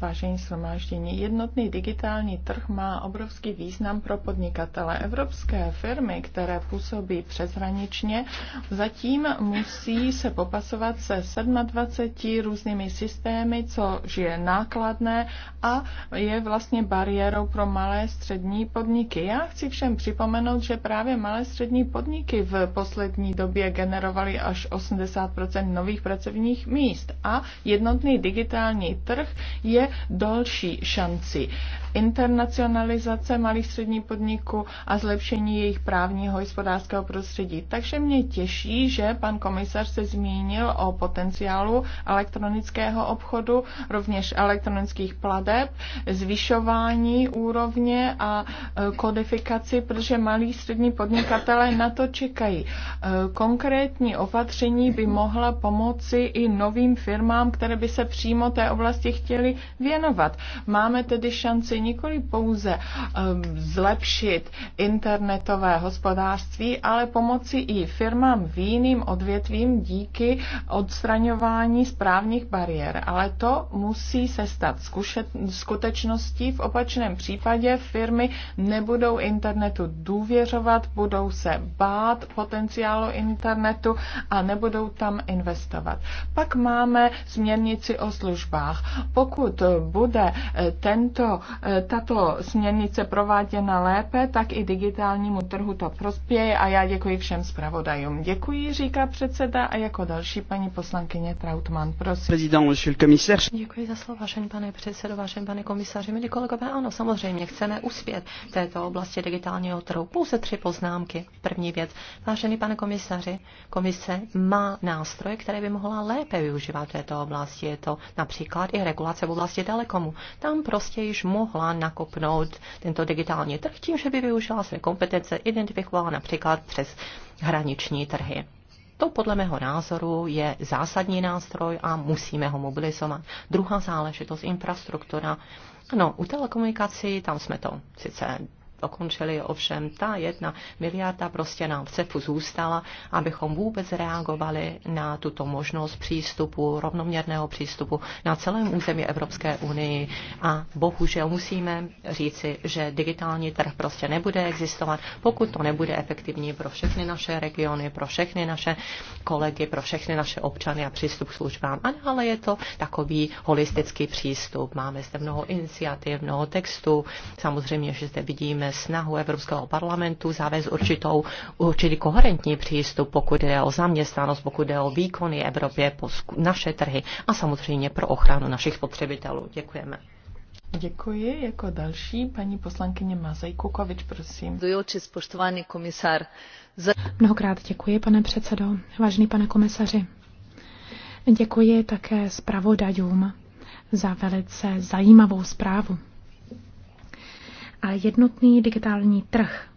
Vážení shromáždění, jednotný digitální trh má obrovský význam pro podnikatele. Evropské firmy, které působí přeshraničně, zatím musí se popasovat se 27 různými systémy, což je nákladné a je vlastně bariérou pro malé střední podniky. Já chci všem připomenout, že právě malé střední podniky v poslední době generovaly až 80 nových pracovních míst a jednotný digitální trh je další šanci internacionalizace malých středních podniků a zlepšení jejich právního hospodářského prostředí. Takže mě těší, že pan komisař se zmínil o potenciálu elektronického obchodu, rovněž elektronických pladeb, zvyšování úrovně a e, kodifikaci, protože malí střední podnikatelé na to čekají. E, konkrétní opatření by mohla pomoci i novým firmám, které by se přímo té oblasti chtěly věnovat. Máme tedy šanci nikoli pouze ehm, zlepšit internetové hospodářství, ale pomoci i firmám v jiným odvětvím díky odstraňování správních bariér. Ale to musí se stát zkušet, skutečností. V opačném případě firmy nebudou internetu důvěřovat, budou se bát potenciálu internetu a nebudou tam investovat. Pak máme směrnici o službách. Pokud eh, bude eh, tento eh, tato směrnice prováděna lépe, tak i digitálnímu trhu to prospěje a já děkuji všem zpravodajům. Děkuji, říká předseda a jako další paní poslankyně Trautmann, prosím. Děkuji za slovo, vážený pane předsedo, vážený pane komisaři, milí kolegové. Ano, samozřejmě chceme uspět v této oblasti digitálního trhu. Pouze tři poznámky. První věc. Vážený pane komisaři, komise má nástroje, které by mohla lépe využívat v této oblasti. Je to například i regulace v oblasti telekomu. Tam prostě již mohla mohla nakopnout tento digitální trh tím, že by využila své kompetence, identifikovala například přes hraniční trhy. To podle mého názoru je zásadní nástroj a musíme ho mobilizovat. Druhá záležitost, infrastruktura. No, u telekomunikací tam jsme to sice dokončili. Ovšem ta jedna miliarda prostě nám v CEFu zůstala, abychom vůbec reagovali na tuto možnost přístupu, rovnoměrného přístupu na celém území Evropské unii. A bohužel musíme říci, že digitální trh prostě nebude existovat, pokud to nebude efektivní pro všechny naše regiony, pro všechny naše kolegy, pro všechny naše občany a přístup k službám. A dále je to takový holistický přístup. Máme zde mnoho iniciativ, mnoho textů. Samozřejmě, že zde vidíme snahu Evropského parlamentu zavést určitou, určitý koherentní přístup, pokud jde o zaměstnanost, pokud jde o výkony Evropě, naše trhy a samozřejmě pro ochranu našich spotřebitelů. Děkujeme. Děkuji. Jako další paní poslankyně Mazej Kukovič, prosím. Dojoči spoštovaný komisar. Za... Mnohokrát děkuji, pane předsedo. Vážený pane komisaři, děkuji také zpravodajům za velice zajímavou zprávu a jednotný digitální trh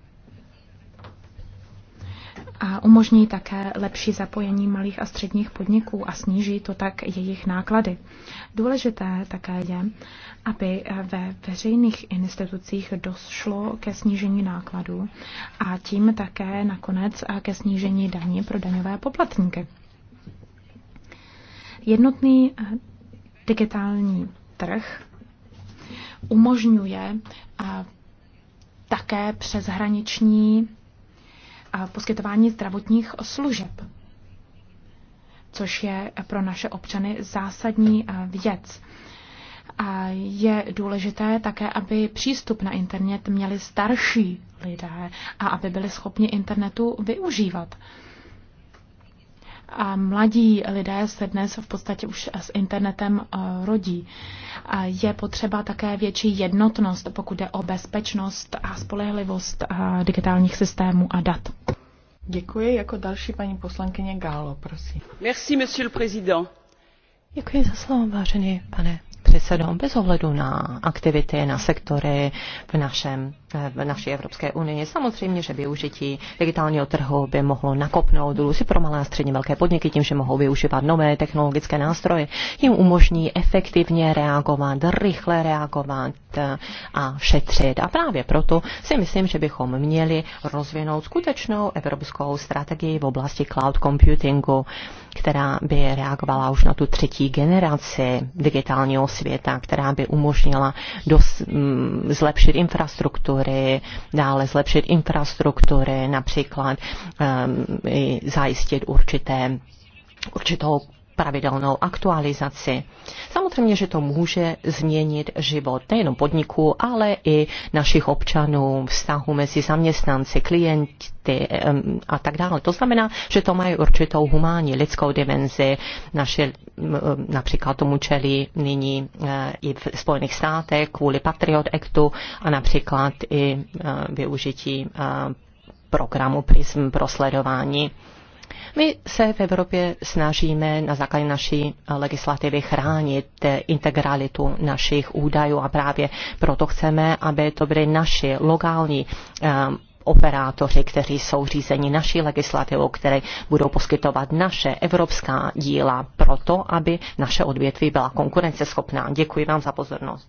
a umožní také lepší zapojení malých a středních podniků a sníží to tak jejich náklady. Důležité také je, aby ve veřejných institucích došlo ke snížení nákladů a tím také nakonec ke snížení daní pro daňové poplatníky. Jednotný eh, digitální trh umožňuje eh, také přeshraniční eh, poskytování zdravotních služeb, což je pro naše občany zásadní eh, věc. A je důležité také, aby přístup na internet měli starší lidé a aby byli schopni internetu využívat. A mladí lidé se dnes v podstatě už s internetem eh, rodí. A je potřeba také větší jednotnost, pokud jde o bezpečnost a spolehlivost eh, digitálních systémů a dat. Děkuji. Jako další paní poslankyně Gálo, prosím. Merci, monsieur le président. Děkuji za slovo, vážený pane předsedo. Bez ohledu na aktivity, na sektory v našem v naší Evropské unii. Samozřejmě, že využití digitálního trhu by mohlo nakopnout si pro malé a středně velké podniky tím, že mohou využívat nové technologické nástroje. Jim umožní efektivně reagovat, rychle reagovat eh, a šetřit. A právě proto si myslím, že bychom měli rozvinout skutečnou evropskou strategii v oblasti cloud computingu, která by reagovala už na tu třetí generaci digitálního světa, která by umožnila dos- mm, zlepšit infrastrukturu, infrastruktury, dále zlepšit infrastruktury, například um, i zajistit určité určitou pravidelnou aktualizaci. Samozřejmě, že to může změnit život nejenom podniku, ale i našich občanů, vztahu mezi zaměstnanci, klienty a tak dále. To znamená, že to mají určitou humánní lidskou dimenzi. Naše, například tomu čelí nyní e, i v Spojených státech kvůli Patriot Actu a například i e, využití e, programu PRISM pro sledování my se v Evropě snažíme na základě naší legislativy chránit integralitu našich údajů a právě proto chceme, aby to byly naši lokální um, operátoři, kteří jsou řízeni naší legislativou, které budou poskytovat naše evropská díla proto, aby naše odvětví byla konkurenceschopná. Děkuji vám za pozornost.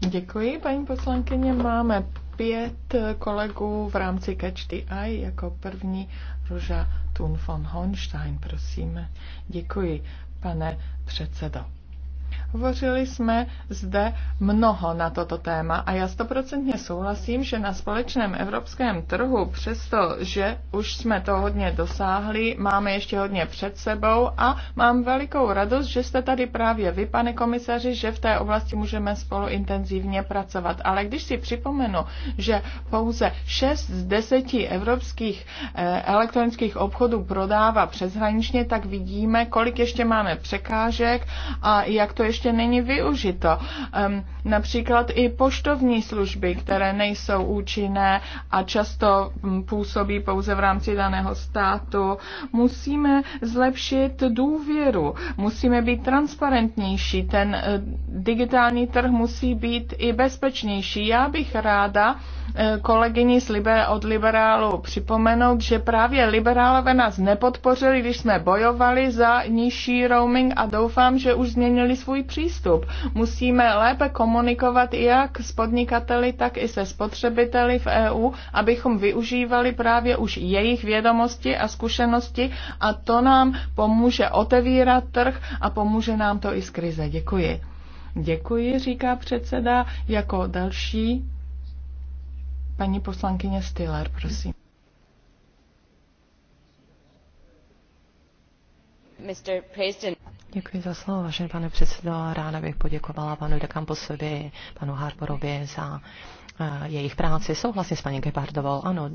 Děkuji, paní poslankyně. Máme pět kolegů v rámci Catch the Eye. Jako první Ruža Thun von Honstein, prosím. Děkuji, pane předsedo. Hovořili jsme zde mnoho na toto téma a já stoprocentně souhlasím, že na společném evropském trhu, přesto, že už jsme to hodně dosáhli, máme ještě hodně před sebou a mám velikou radost, že jste tady právě vy, pane komisaři, že v té oblasti můžeme spolu intenzivně pracovat. Ale když si připomenu, že pouze 6 z 10 evropských eh, elektronických obchodů prodává přeshraničně, tak vidíme, kolik ještě máme překážek a jak to to ještě není využito. Například i poštovní služby, které nejsou účinné a často mm, působí pouze v rámci daného státu. Musíme zlepšit důvěru, musíme být transparentnější, ten eh, digitální trh musí být i bezpečnější. Já bych ráda eh, kolegyni z Liber, od liberálu připomenout, že právě liberálové nás nepodpořili, když jsme bojovali za nižší roaming a doufám, že už změnili svůj svůj přístup. Musíme lépe komunikovat jak s podnikateli, tak i se spotřebiteli v EU, abychom využívali právě už jejich vědomosti a zkušenosti a to nám pomůže otevírat trh a pomůže nám to i z krize. Děkuji. Děkuji, říká předseda. Jako další paní poslankyně Stiller, prosím. Mr. President. Děkuji za slovo, vážený pane předsedo. Ráda bych poděkovala panu Dekamposovi, panu Harborovi za eh, jejich práci. Souhlasím s paní Gebardovou, ano,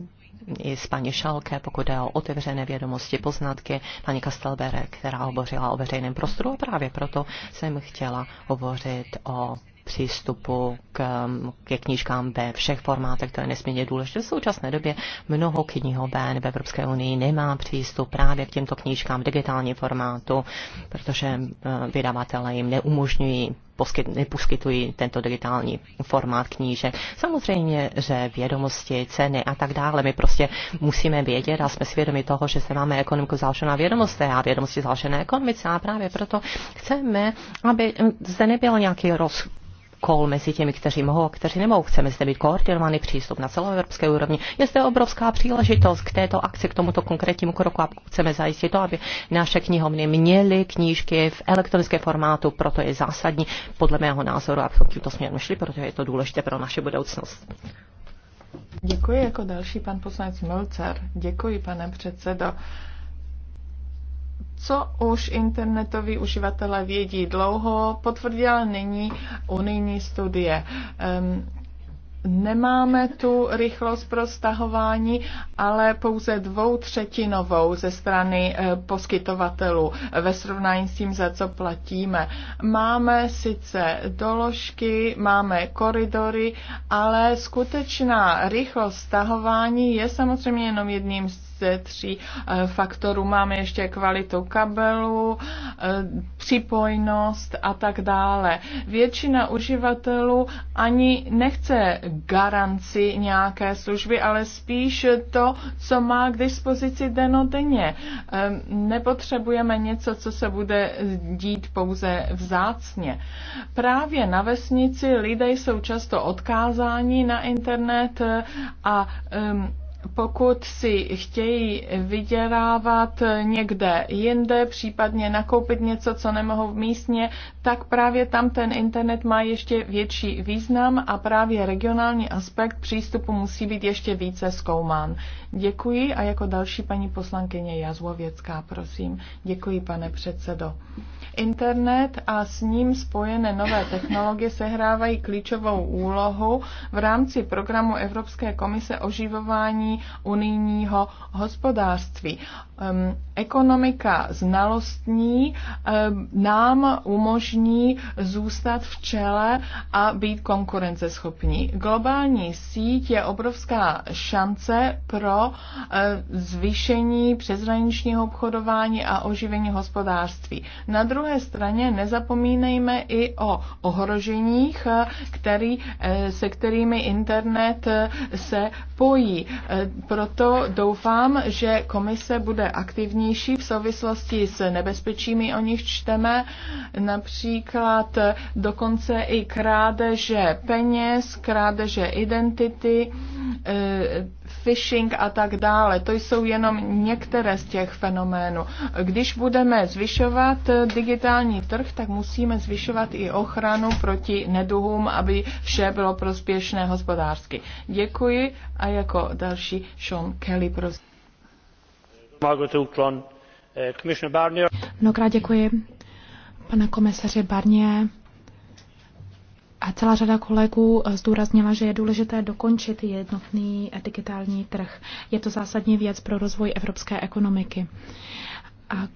i s paní Šalke, pokud jde o otevřené vědomosti, poznatky, paní Kastelbere, která hovořila o veřejném prostoru a právě proto jsem chtěla hovořit o přístupu k, um, ke knížkám ve všech formátech, to je nesmírně důležité. V současné době mnoho knihoven v Evropské unii nemá přístup právě k těmto knížkám v digitální formátu, protože uh, vydavatele jim neumožňují poskyt, neposkytují tento digitální formát knížek. Samozřejmě, že vědomosti, ceny a tak dále, my prostě musíme vědět a jsme svědomi toho, že se máme ekonomiku založená vědomosti a vědomosti založené ekonomice a právě proto chceme, aby zde nebyl nějaký roz, kol mezi těmi, kteří mohou a kteří nemohou. Chceme zde být koordinovaný přístup na celoevropské úrovni. Je zde obrovská příležitost k této akci, k tomuto konkrétnímu kroku a chceme zajistit to, aby naše knihovny měly knížky v elektronické formátu, proto je zásadní podle mého názoru, abychom tímto směrem šli, protože je to důležité pro naši budoucnost. Děkuji jako další pan poslanec Milcer. Děkuji, pane předsedo co už internetoví uživatelé vědí dlouho, potvrdila nyní unijní studie. Um, nemáme tu rychlost pro stahování, ale pouze dvou třetinovou ze strany eh, poskytovatelů ve srovnání s tím, za co platíme. Máme sice doložky, máme koridory, ale skutečná rychlost stahování je samozřejmě jenom jedním z ze tří eh, faktorů. Máme ještě kvalitu kabelu, eh, připojnost a tak dále. Většina uživatelů ani nechce garanci nějaké služby, ale spíš to, co má k dispozici denodenně. Eh, nepotřebujeme něco, co se bude dít pouze vzácně. Právě na vesnici lidé jsou často odkázáni na internet a um, pokud si chtějí vydělávat někde jinde, případně nakoupit něco, co nemohou místně, tak právě tam ten internet má ještě větší význam a právě regionální aspekt přístupu musí být ještě více zkoumán. Děkuji a jako další paní poslankyně Jazlověcká, prosím. Děkuji, pane předsedo. Internet a s ním spojené nové technologie sehrávají klíčovou úlohu v rámci programu Evropské komise oživování unijního hospodářství. Ekonomika znalostní nám umožní zůstat v čele a být konkurenceschopní. Globální síť je obrovská šance pro zvýšení přeshraničního obchodování a oživení hospodářství. Na druhé straně nezapomínejme i o ohroženích, který, eh, se kterými internet eh, se pojí. Eh, proto doufám, že komise bude aktivnější v souvislosti s nebezpečími, o nich čteme, například dokonce i krádeže peněz, krádeže identity, eh, phishing a tak dále. To jsou jenom některé z těch fenoménů. Když budeme zvyšovat eh, digitální trh, tak musíme zvyšovat i ochranu proti neduhům, aby vše bylo prospěšné hospodářsky. Děkuji a jako další další Sean Kelly, prosím. Eh, Mnohokrát děkuji, pane komisaři Barnier. A celá řada kolegů zdůraznila, že je důležité dokončit jednotný digitální trh. Je to zásadní věc pro rozvoj evropské ekonomiky. A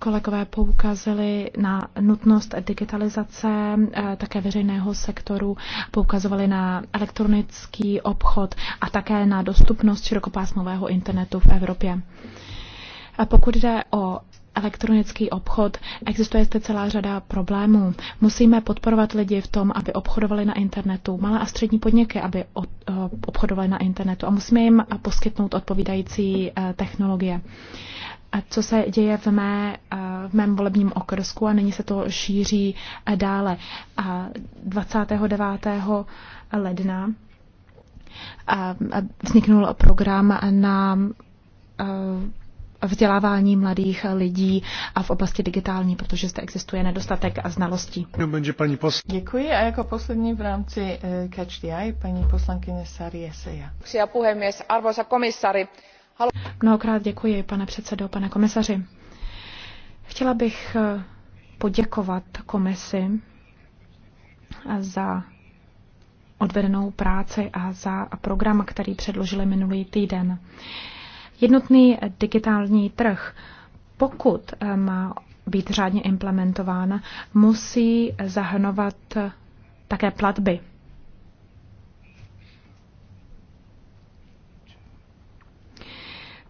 Kolegové poukazili na nutnost digitalizace eh, také veřejného sektoru, poukazovali na elektronický obchod a také na dostupnost širokopásmového internetu v Evropě. A pokud jde o elektronický obchod, existuje zde celá řada problémů. Musíme podporovat lidi v tom, aby obchodovali na internetu, malé a střední podniky, aby obchodovali na internetu a musíme jim poskytnout odpovídající eh, technologie co se děje v, mé, eh, v mém volebním okrsku a nyní se to šíří eh, dále. 29. ledna eh, vzniknul program na vzdělávání mladých lidí a v oblasti digitální, protože zde existuje nedostatek a znalostí. Děkuji a jako poslední v rámci Catch the Eye paní poslankyně Sari Eseja. Arvoisa komissari, Mnohokrát děkuji, pane předsedo, pane komisaři. Chtěla bych eh, poděkovat komisi eh, za odvedenou práci a za program, který předložili minulý týden. Jednotný eh, digitální trh, pokud má být řádně implementován, musí zahrnovat také platby.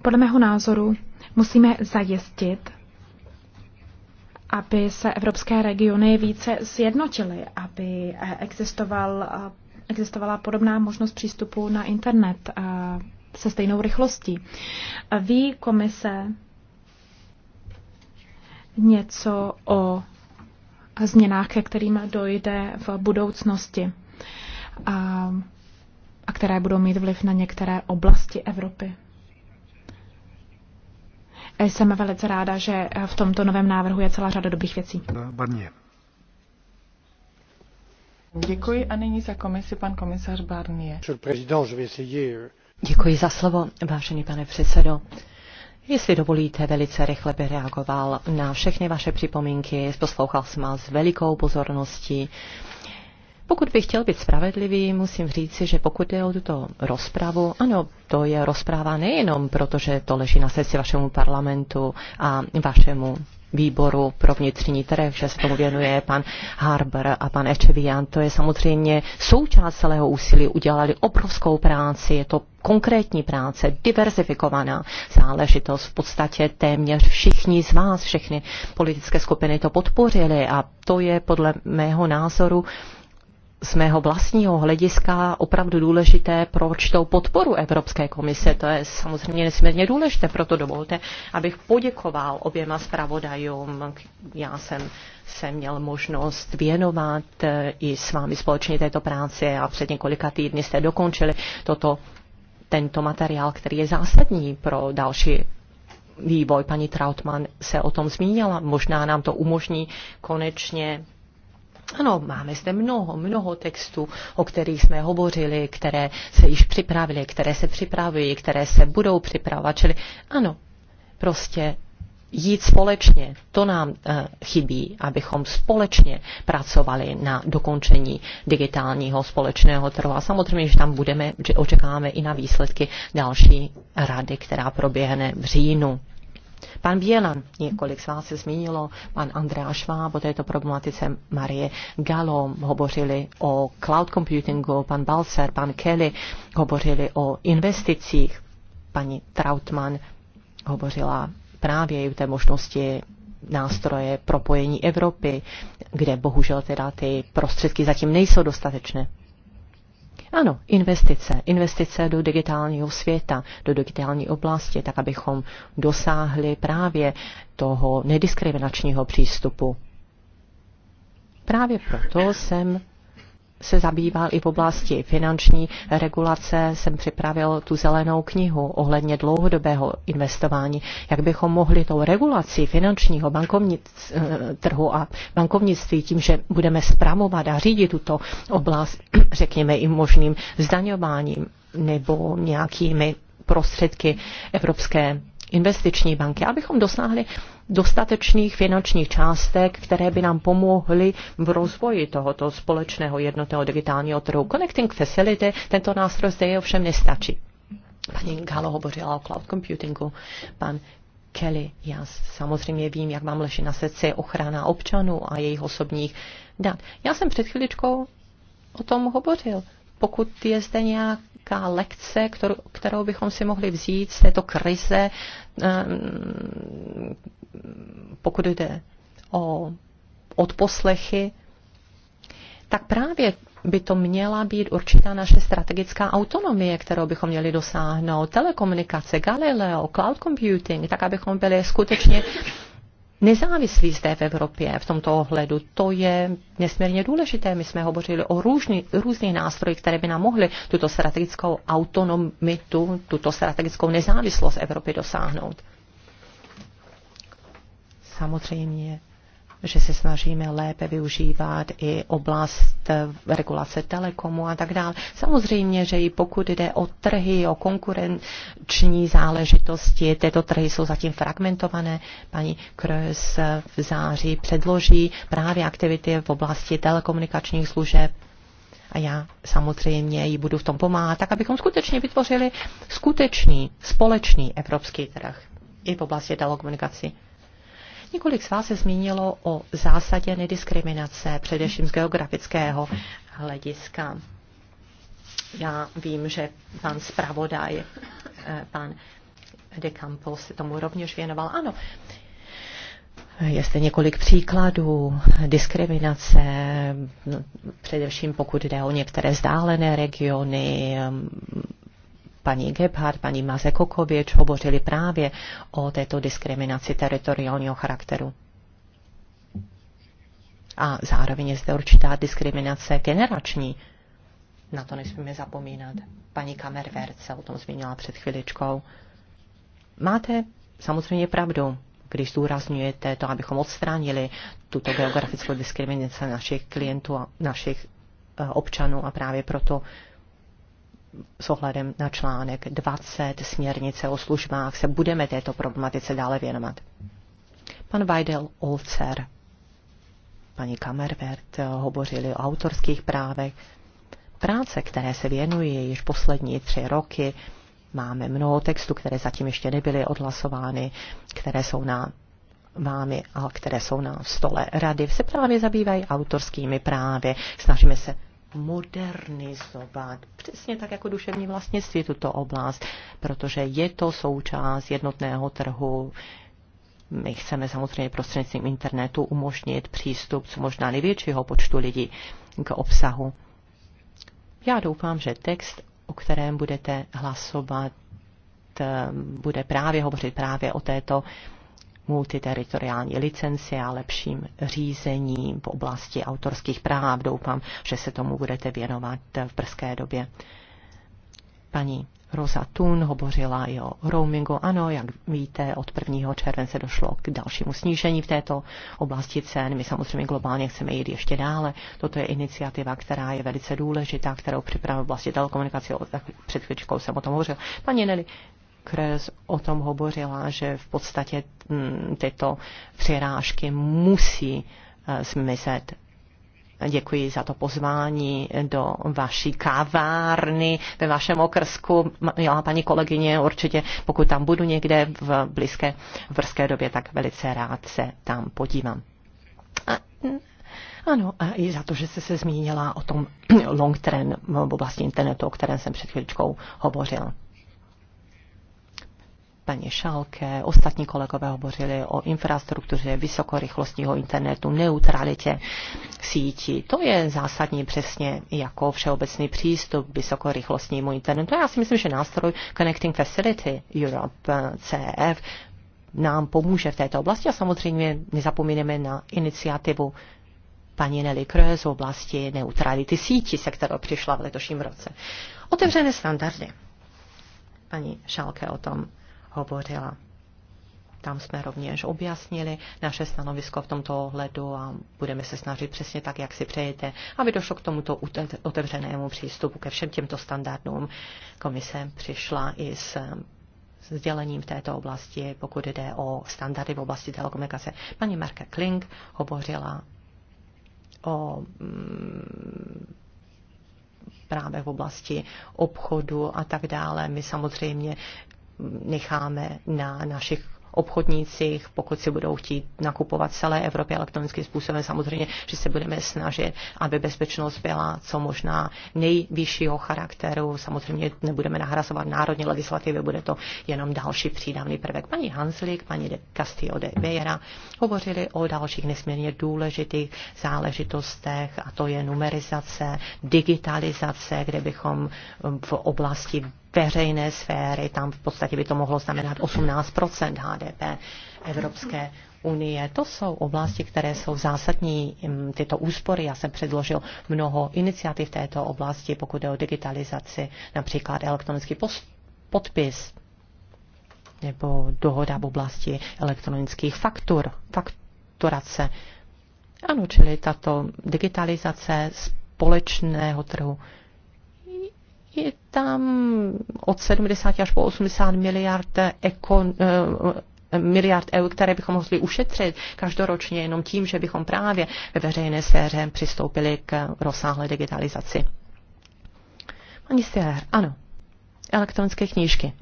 Podle mého názoru musíme zajistit, aby se evropské regiony více sjednotily, aby eh, existoval, eh, existovala podobná možnost přístupu na internet eh, se stejnou rychlostí. Ví komise něco o změnách, ke kterým dojde v budoucnosti a, a které budou mít vliv na některé oblasti Evropy? Jsem velice ráda, že v tomto novém návrhu je celá řada dobrých věcí. Barnier. Děkuji a nyní za komisi pan komisař Barnier. Děkuji za slovo, vážený pane předsedo. Jestli dovolíte, velice rychle by reagoval na všechny vaše připomínky. Poslouchal jsem vás s velikou pozorností pokud bych chtěl být spravedlivý, musím říci, že pokud je o tuto rozpravu, ano, to je rozpráva nejenom proto, že to leží na sesi vašemu parlamentu a vašemu výboru pro vnitřní trh, že se tomu věnuje pan Harber a pan Echevian. To je samozřejmě součást celého úsilí. Udělali obrovskou práci, je to konkrétní práce, diverzifikovaná záležitost. V podstatě téměř všichni z vás, všechny politické skupiny to podpořili a to je podle mého názoru z mého vlastního hlediska opravdu důležité pro určitou podporu Evropské komise. To je samozřejmě nesmírně důležité, proto dovolte, abych poděkoval oběma zpravodajům. Já jsem se měl možnost věnovat eh, i s vámi společně této práci a před několika týdny jste dokončili toto, tento materiál, který je zásadní pro další vývoj. Paní Trautmann se o tom zmínila. Možná nám to umožní konečně ano, máme zde mnoho, mnoho textů, o kterých jsme hovořili, které se již připravili, které se připravují, které se budou připravovat. Čili ano, prostě jít společně, to nám eh, chybí, abychom společně pracovali na dokončení digitálního společného trhu. A samozřejmě, že tam budeme, že očekáváme i na výsledky další rady, která proběhne v říjnu. Pan Bělan, několik z vás se zmínilo, pan Andrea Šváb o této problematice Marie Galo hovořili o cloud computingu, pan Balser, pan Kelly hovořili o investicích, paní Trautmann hovořila právě i o té možnosti nástroje propojení Evropy, kde bohužel teda ty prostředky zatím nejsou dostatečné. Ano, investice. Investice do digitálního světa, do digitální oblasti, tak abychom dosáhli právě toho nediskriminačního přístupu. Právě proto jsem se zabýval i v oblasti finanční regulace, jsem připravil tu zelenou knihu ohledně dlouhodobého investování, jak bychom mohli tou regulací finančního bankovní eh, trhu a bankovnictví tím, že budeme zpravovat a řídit tuto oblast, řekněme i možným zdaňováním nebo nějakými prostředky Evropské investiční banky, abychom dosáhli dostatečných finančních částek, které by nám pomohly v rozvoji tohoto společného jednotného digitálního trhu. Connecting Facility, tento nástroj zde je ovšem nestačí. Paní Galo hovořila o cloud computingu, pan Kelly, já samozřejmě vím, jak vám leží na srdci ochrana občanů a jejich osobních dat. Já jsem před chvíličkou o tom hovořil. Pokud je zde nějak nějaká lekce, kterou, kterou bychom si mohli vzít z této krize, ehm, pokud jde o odposlechy, tak právě by to měla být určitá naše strategická autonomie, kterou bychom měli dosáhnout. Telekomunikace, Galileo, cloud computing, tak abychom byli skutečně nezávislí zde v Evropě v tomto ohledu. To je nesmírně důležité. My jsme hovořili o různý, různých nástrojích, které by nám mohly tuto strategickou autonomitu, tuto strategickou nezávislost Evropy dosáhnout samozřejmě že se snažíme lépe využívat i oblast eh, regulace telekomu a tak dále. Samozřejmě, že i pokud jde o trhy, o konkurenční záležitosti, tyto trhy jsou zatím fragmentované. Paní Kroes v září předloží právě aktivity v oblasti telekomunikačních služeb a já samozřejmě ji budu v tom pomáhat, tak abychom skutečně vytvořili skutečný společný evropský trh i v oblasti telekomunikací. Několik z vás se zmínilo o zásadě nediskriminace, především z geografického hlediska. Já vím, že pan zpravodaj, eh, pan de Campos se tomu rovněž věnoval. Ano, je zde několik příkladů diskriminace, především pokud jde o některé vzdálené regiony, paní Gebhardt, paní Maze Kokovič hovořili právě o této diskriminaci teritoriálního charakteru. A zároveň je zde určitá diskriminace generační. Na to nesmíme zapomínat. Paní Kamervert se o tom zmínila před chviličkou. Máte samozřejmě pravdu, když zdůrazňujete to, abychom odstránili tuto geografickou diskriminaci našich klientů a našich eh, občanů a právě proto s ohledem na článek 20 směrnice o službách se budeme této problematice dále věnovat. Pan Weidel Olcer, paní Kamervert hovořili o autorských právech. Práce, které se věnuje již poslední tři roky, máme mnoho textů, které zatím ještě nebyly odhlasovány, které jsou na vámi a které jsou na stole rady, se právě zabývají autorskými právy. Snažíme se modernizovat, přesně tak jako duševní vlastnictví tuto oblast, protože je to součást jednotného trhu, my chceme samozřejmě prostřednictvím internetu umožnit přístup co možná největšího počtu lidí k obsahu. Já doufám, že text, o kterém budete hlasovat, eh, bude právě hovořit právě o této multiteritoriální licenci a lepším řízením v oblasti autorských práv. Doufám, že se tomu budete věnovat v brzké době. Paní Rosa Thun hovořila i o roamingu. Ano, jak víte, od 1. července došlo k dalšímu snížení v této oblasti cen. My samozřejmě globálně chceme jít ještě dále. Toto je iniciativa, která je velice důležitá, kterou připravil vlastně telekomunikaci. Před chvíličkou jsem o tom hovořil. Paní Nelly Kres o tom hovořila, že v podstatě mm, tyto přirážky musí e, zmizet. Děkuji za to pozvání do vaší kavárny ve vašem okrsku. Milá paní kolegyně, určitě pokud tam budu někde v blízké vrské době, tak velice rád se tam podívám. A, mm, ano, a i za to, že jste se zmínila o tom long trend v oblasti internetu, o kterém jsem před chvíličkou hovořila paní Šalke, ostatní kolegové hovořili o infrastruktuře vysokorychlostního internetu, neutralitě sítí. To je zásadní přesně jako všeobecný přístup k vysokorychlostnímu internetu. Já si myslím, že nástroj Connecting Facility Europe eh, CF e nám pomůže v této oblasti a samozřejmě nezapomínáme na iniciativu paní Nelly Kröz v oblasti neutrality sítí, se kterou přišla v letošním roce. Otevřené standardy. Paní Šálke o tom hovořila. Tam jsme rovněž objasnili naše stanovisko v tomto ohledu a budeme se snažit přesně tak, jak si přejete, aby došlo k tomuto otevřenému přístupu ke všem těmto standardům. Komise přišla i s sdělením v této oblasti, pokud jde o standardy v oblasti telekomunikace. Paní Marka Kling hovořila o mm, právě v oblasti obchodu a tak dále. My samozřejmě necháme na našich obchodnících, pokud si budou chtít nakupovat celé Evropě elektronickým způsobem. Samozřejmě, že se budeme snažit, aby bezpečnost byla co možná nejvyššího charakteru. Samozřejmě nebudeme nahrazovat národní legislativy, bude to jenom další přídavný prvek. Paní Hanslik, paní de Castillo de Bejera hovořili o dalších nesmírně důležitých záležitostech a to je numerizace, digitalizace, kde bychom v oblasti veřejné sféry, tam v podstatě by to mohlo znamenat 18 HDP Evropské unie. To jsou oblasti, které jsou zásadní, mm, tyto úspory. Já jsem předložil mnoho iniciativ v této oblasti, pokud jde o digitalizaci, například elektronický podpis nebo dohoda v oblasti elektronických faktur, fakturace. Ano, čili tato digitalizace společného trhu je tam od 70 až po 80 miliard ekon, eh, miliard eur, které bychom mohli ušetřit každoročně jenom tím, že bychom právě ve veřejné sféře přistoupili k rozsáhlé digitalizaci. Pani Stiller, ano, elektronické knížky.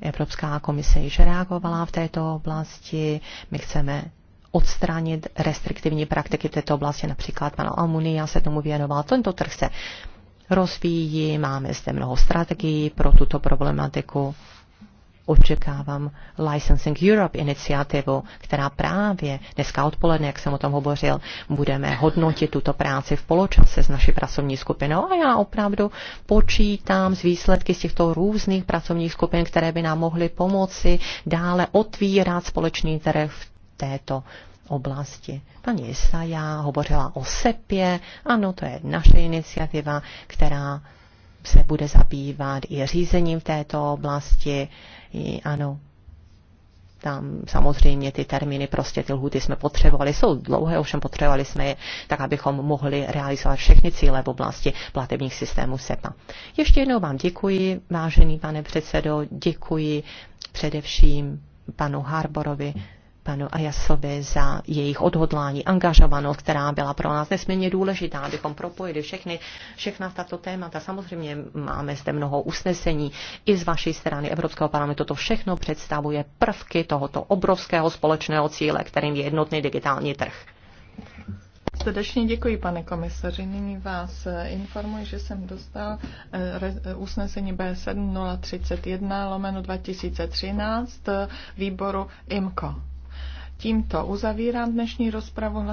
Evropská komise již reagovala v této oblasti. My chceme odstranit restriktivní praktiky v této oblasti. Například pan Almunia se tomu věnoval. Tento trh se rozvíjí, máme zde mnoho strategií pro tuto problematiku. Očekávám Licensing Europe iniciativu, která právě dneska odpoledne, jak jsem o tom hovořil, budeme hodnotit tuto práci v poločase s naší pracovní skupinou a já opravdu počítám z výsledky z těchto různých pracovních skupin, které by nám mohly pomoci dále otvírat společný trh v této oblasti. Paní Isaja hovořila o SEPě, ano, to je naše iniciativa, která se bude zabývat i řízením v této oblasti. I, ano, tam samozřejmě ty termíny, prostě ty lhuty jsme potřebovali, jsou dlouhé, ovšem potřebovali jsme je tak, abychom mohli realizovat všechny cíle v oblasti platebních systémů SEPA. Ještě jednou vám děkuji, vážený pane předsedo, děkuji především panu Harborovi panu Ajasovi za jejich odhodlání, angažovanost, která byla pro nás nesmírně důležitá, abychom propojili všechny, všechna tato témata. Samozřejmě máme zde mnoho usnesení i z vaší strany Evropského parlamentu. To všechno představuje prvky tohoto obrovského společného cíle, kterým je jednotný digitální trh. Srdečně děkuji, pane komisaři. Nyní vás eh, informuji, že jsem dostal eh, eh, usnesení B7031 lomeno 2013 výboru IMCO. Tímto uzavírám dnešní rozpravu.